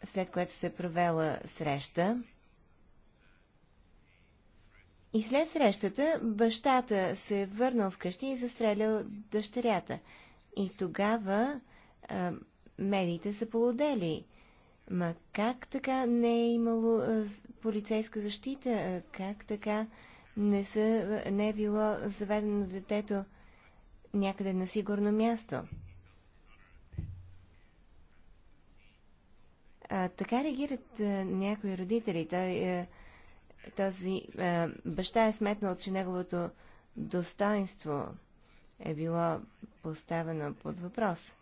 След което се е провела среща. И след срещата бащата се е върнал вкъщи и е застрелял дъщерята. И тогава медиите са полудели. Ма как така не е имало а, полицейска защита? А, как така не, са, не е било заведено детето някъде на сигурно място? А, така реагират а, някои родители. Той, а, този а, баща е сметнал, че неговото достоинство е било поставено под въпрос.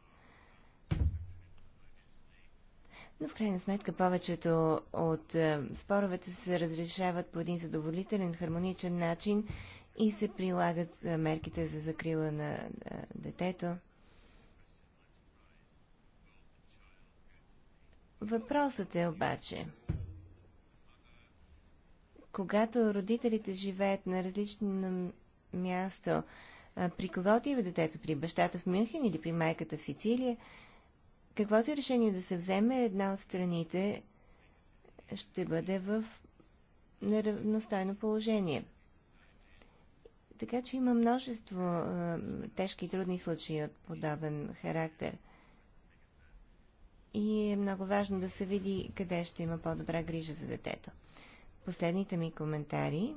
Но в крайна сметка повечето от е, споровете се разрешават по един задоволителен, хармоничен начин и се прилагат е, мерките за закрила на е, детето. Въпросът е обаче, когато родителите живеят на различно място, при кого отива детето? При бащата в Мюнхен или при майката в Сицилия? каквото и решение да се вземе, една от страните ще бъде в неравностойно положение. Така че има множество е, тежки и трудни случаи от подобен характер. И е много важно да се види къде ще има по-добра грижа за детето. Последните ми коментари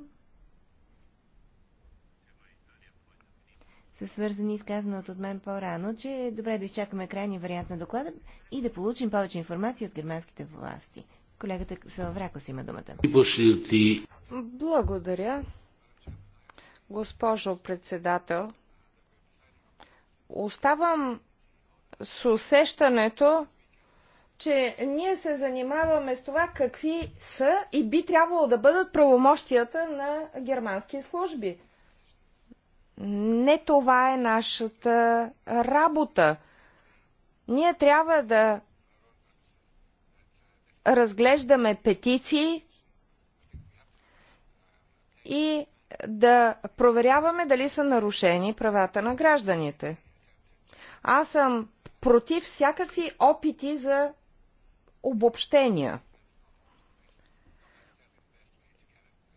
са свързани с казаното от мен по-рано, че е добре да изчакаме крайния вариант на доклада и да получим повече информация от германските власти. Колегата Салавракос има думата. Благодаря. Госпожо председател, оставам с усещането, че ние се занимаваме с това какви са и би трябвало да бъдат правомощията на германски служби. Не това е нашата работа. Ние трябва да разглеждаме петиции и да проверяваме дали са нарушени правата на гражданите. Аз съм против всякакви опити за обобщения.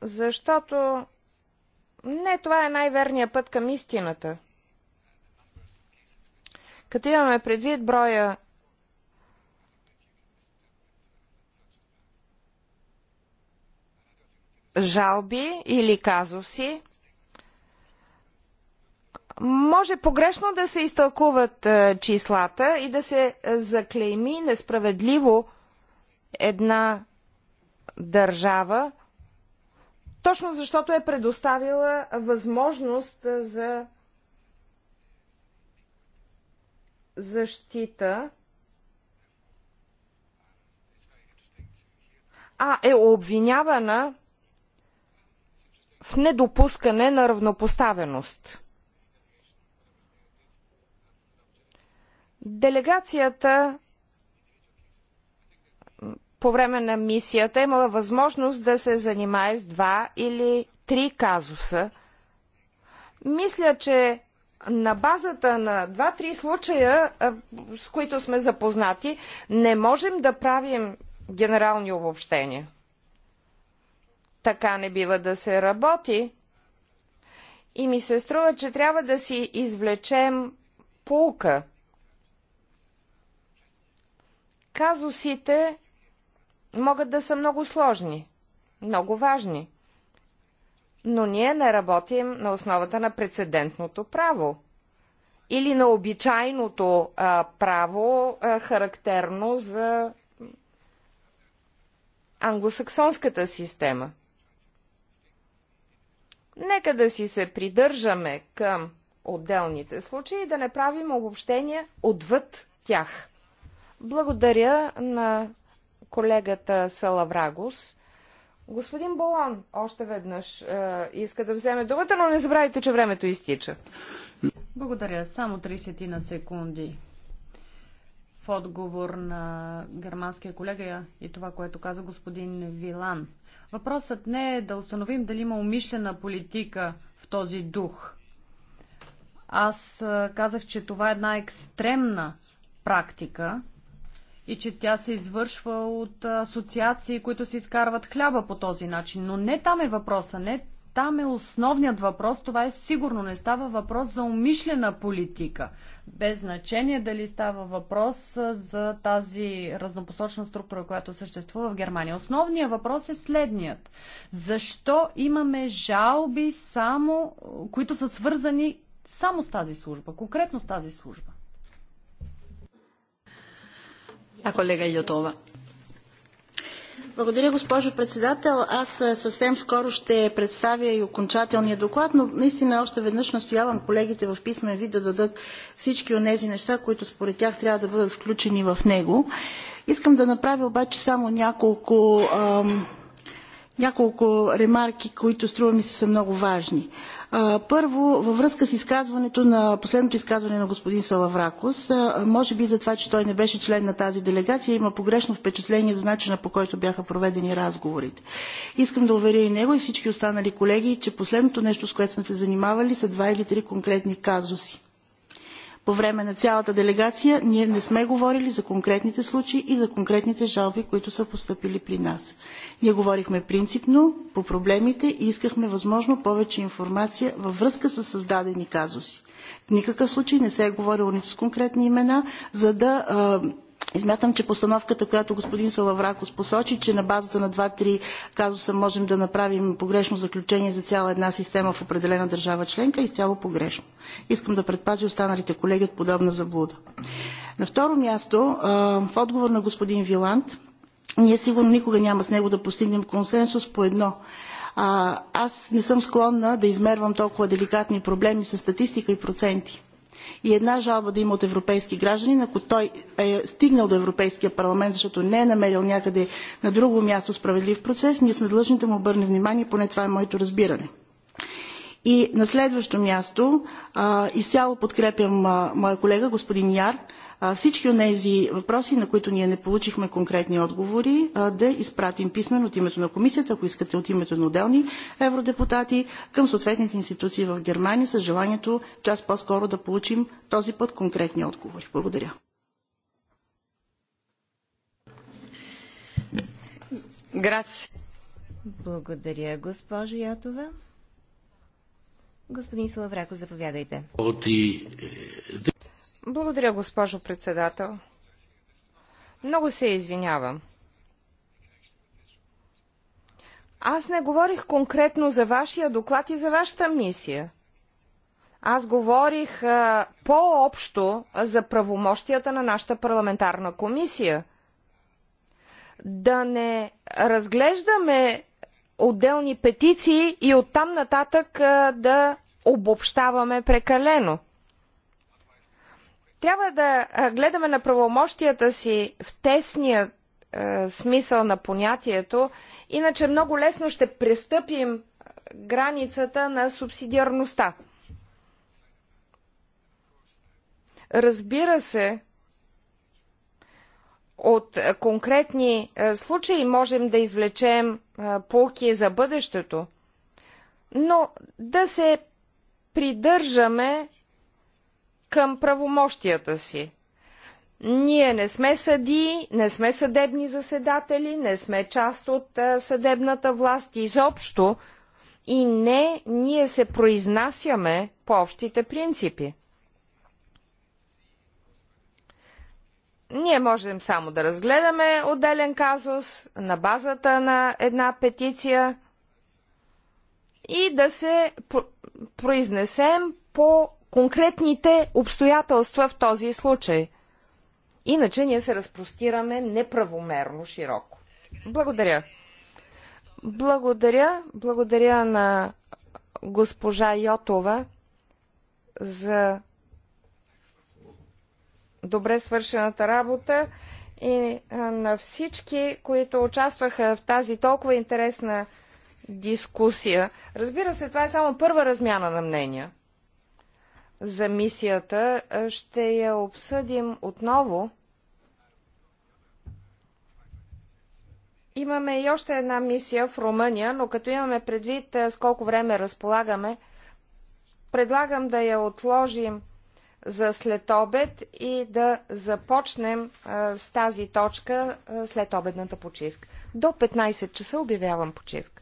Защото не, това е най-верният път към истината. Като имаме предвид броя жалби или казуси, може погрешно да се изтълкуват е, числата и да се е, заклейми несправедливо една държава точно защото е предоставила възможност за защита, а е обвинявана в недопускане на равнопоставеност. Делегацията по време на мисията имала възможност да се занимае с два или три казуса. Мисля, че на базата на два-три случая, е, с които сме запознати, не можем да правим генерални обобщения. Така не бива да се работи. И ми се струва, че трябва да си извлечем полка. Казусите могат да са много сложни, много важни. Но ние не работим на основата на прецедентното право или на обичайното а, право, а, характерно за англосаксонската система. Нека да си се придържаме към отделните случаи и да не правим обобщения отвъд тях. Благодаря на колегата Салаврагос. Господин Болан, още веднъж е, иска да вземе думата, но не забравяйте, че времето изтича. Благодаря. Само 30 на секунди. В отговор на германския колега и това, което каза господин Вилан. Въпросът не е да установим дали има умишлена политика в този дух. Аз е, казах, че това е една екстремна практика, и че тя се извършва от асоциации, които се изкарват хляба по този начин. Но не там е въпроса, не там е основният въпрос. Това е сигурно. Не става въпрос за умишлена политика. Без значение дали става въпрос за тази разнопосочна структура, която съществува в Германия. Основният въпрос е следният. Защо имаме жалби само, които са свързани само с тази служба, конкретно с тази служба? А колега Йотова. Благодаря, госпожо председател. Аз съвсем скоро ще представя и окончателния доклад, но наистина още веднъж настоявам колегите в писмен вид да дадат всички от тези неща, които според тях трябва да бъдат включени в него. Искам да направя обаче само няколко ам, няколко ремарки, които струва ми се са много важни. Първо, във връзка с изказването на последното изказване на господин Салавракос, може би за това, че той не беше член на тази делегация, има погрешно впечатление за начина по който бяха проведени разговорите. Искам да уверя и него и всички останали колеги, че последното нещо, с което сме се занимавали, са два или три конкретни казуси по време на цялата делегация, ние не сме говорили за конкретните случаи и за конкретните жалби, които са поступили при нас. Ние говорихме принципно по проблемите и искахме възможно повече информация във връзка с създадени казуси. В никакъв случай не се е говорило нито с конкретни имена, за да и смятам, че постановката, която господин Салавракос посочи, че на базата на два-три казуса можем да направим погрешно заключение за цяла една система в определена държава членка, е изцяло погрешно. Искам да предпази останалите колеги от подобна заблуда. На второ място, в отговор на господин Виланд, ние сигурно никога няма с него да постигнем консенсус по едно. аз не съм склонна да измервам толкова деликатни проблеми с статистика и проценти и една жалба да има от европейски гражданин, ако той е стигнал до Европейския парламент, защото не е намерил някъде на друго място справедлив процес, ние сме длъжни да му обърнем внимание, поне това е моето разбиране. И на следващо място, изцяло подкрепям моя колега господин Яр, всички от тези въпроси, на които ние не получихме конкретни отговори, да изпратим писмен от името на комисията, ако искате от името на отделни евродепутати, към съответните институции в Германия с желанието час по-скоро да получим този път конкретни отговори. Благодаря. Благодаря, госпожо Ятова. Господин Салаврако, заповядайте. Е, благодаря, госпожо председател. Много се извинявам. Аз не говорих конкретно за вашия доклад и за вашата мисия. Аз говорих по-общо за правомощията на нашата парламентарна комисия. Да не разглеждаме отделни петиции и оттам нататък а, да обобщаваме прекалено. Трябва да гледаме на правомощията си в тесния смисъл на понятието, иначе много лесно ще престъпим границата на субсидиарността. Разбира се, от конкретни случаи можем да извлечем полки за бъдещето, но да се придържаме към правомощията си. Ние не сме съдии, не сме съдебни заседатели, не сме част от е, съдебната власт изобщо и не ние се произнасяме по общите принципи. Ние можем само да разгледаме отделен казус на базата на една петиция и да се произнесем по конкретните обстоятелства в този случай. Иначе ние се разпростираме неправомерно широко. Благодаря. Благодаря. Благодаря на госпожа Йотова за добре свършената работа и на всички, които участваха в тази толкова интересна дискусия. Разбира се, това е само първа размяна на мнения за мисията ще я обсъдим отново. Имаме и още една мисия в Румъния, но като имаме предвид с колко време разполагаме, предлагам да я отложим за след обед и да започнем с тази точка след обедната почивка. До 15 часа обявявам почивка.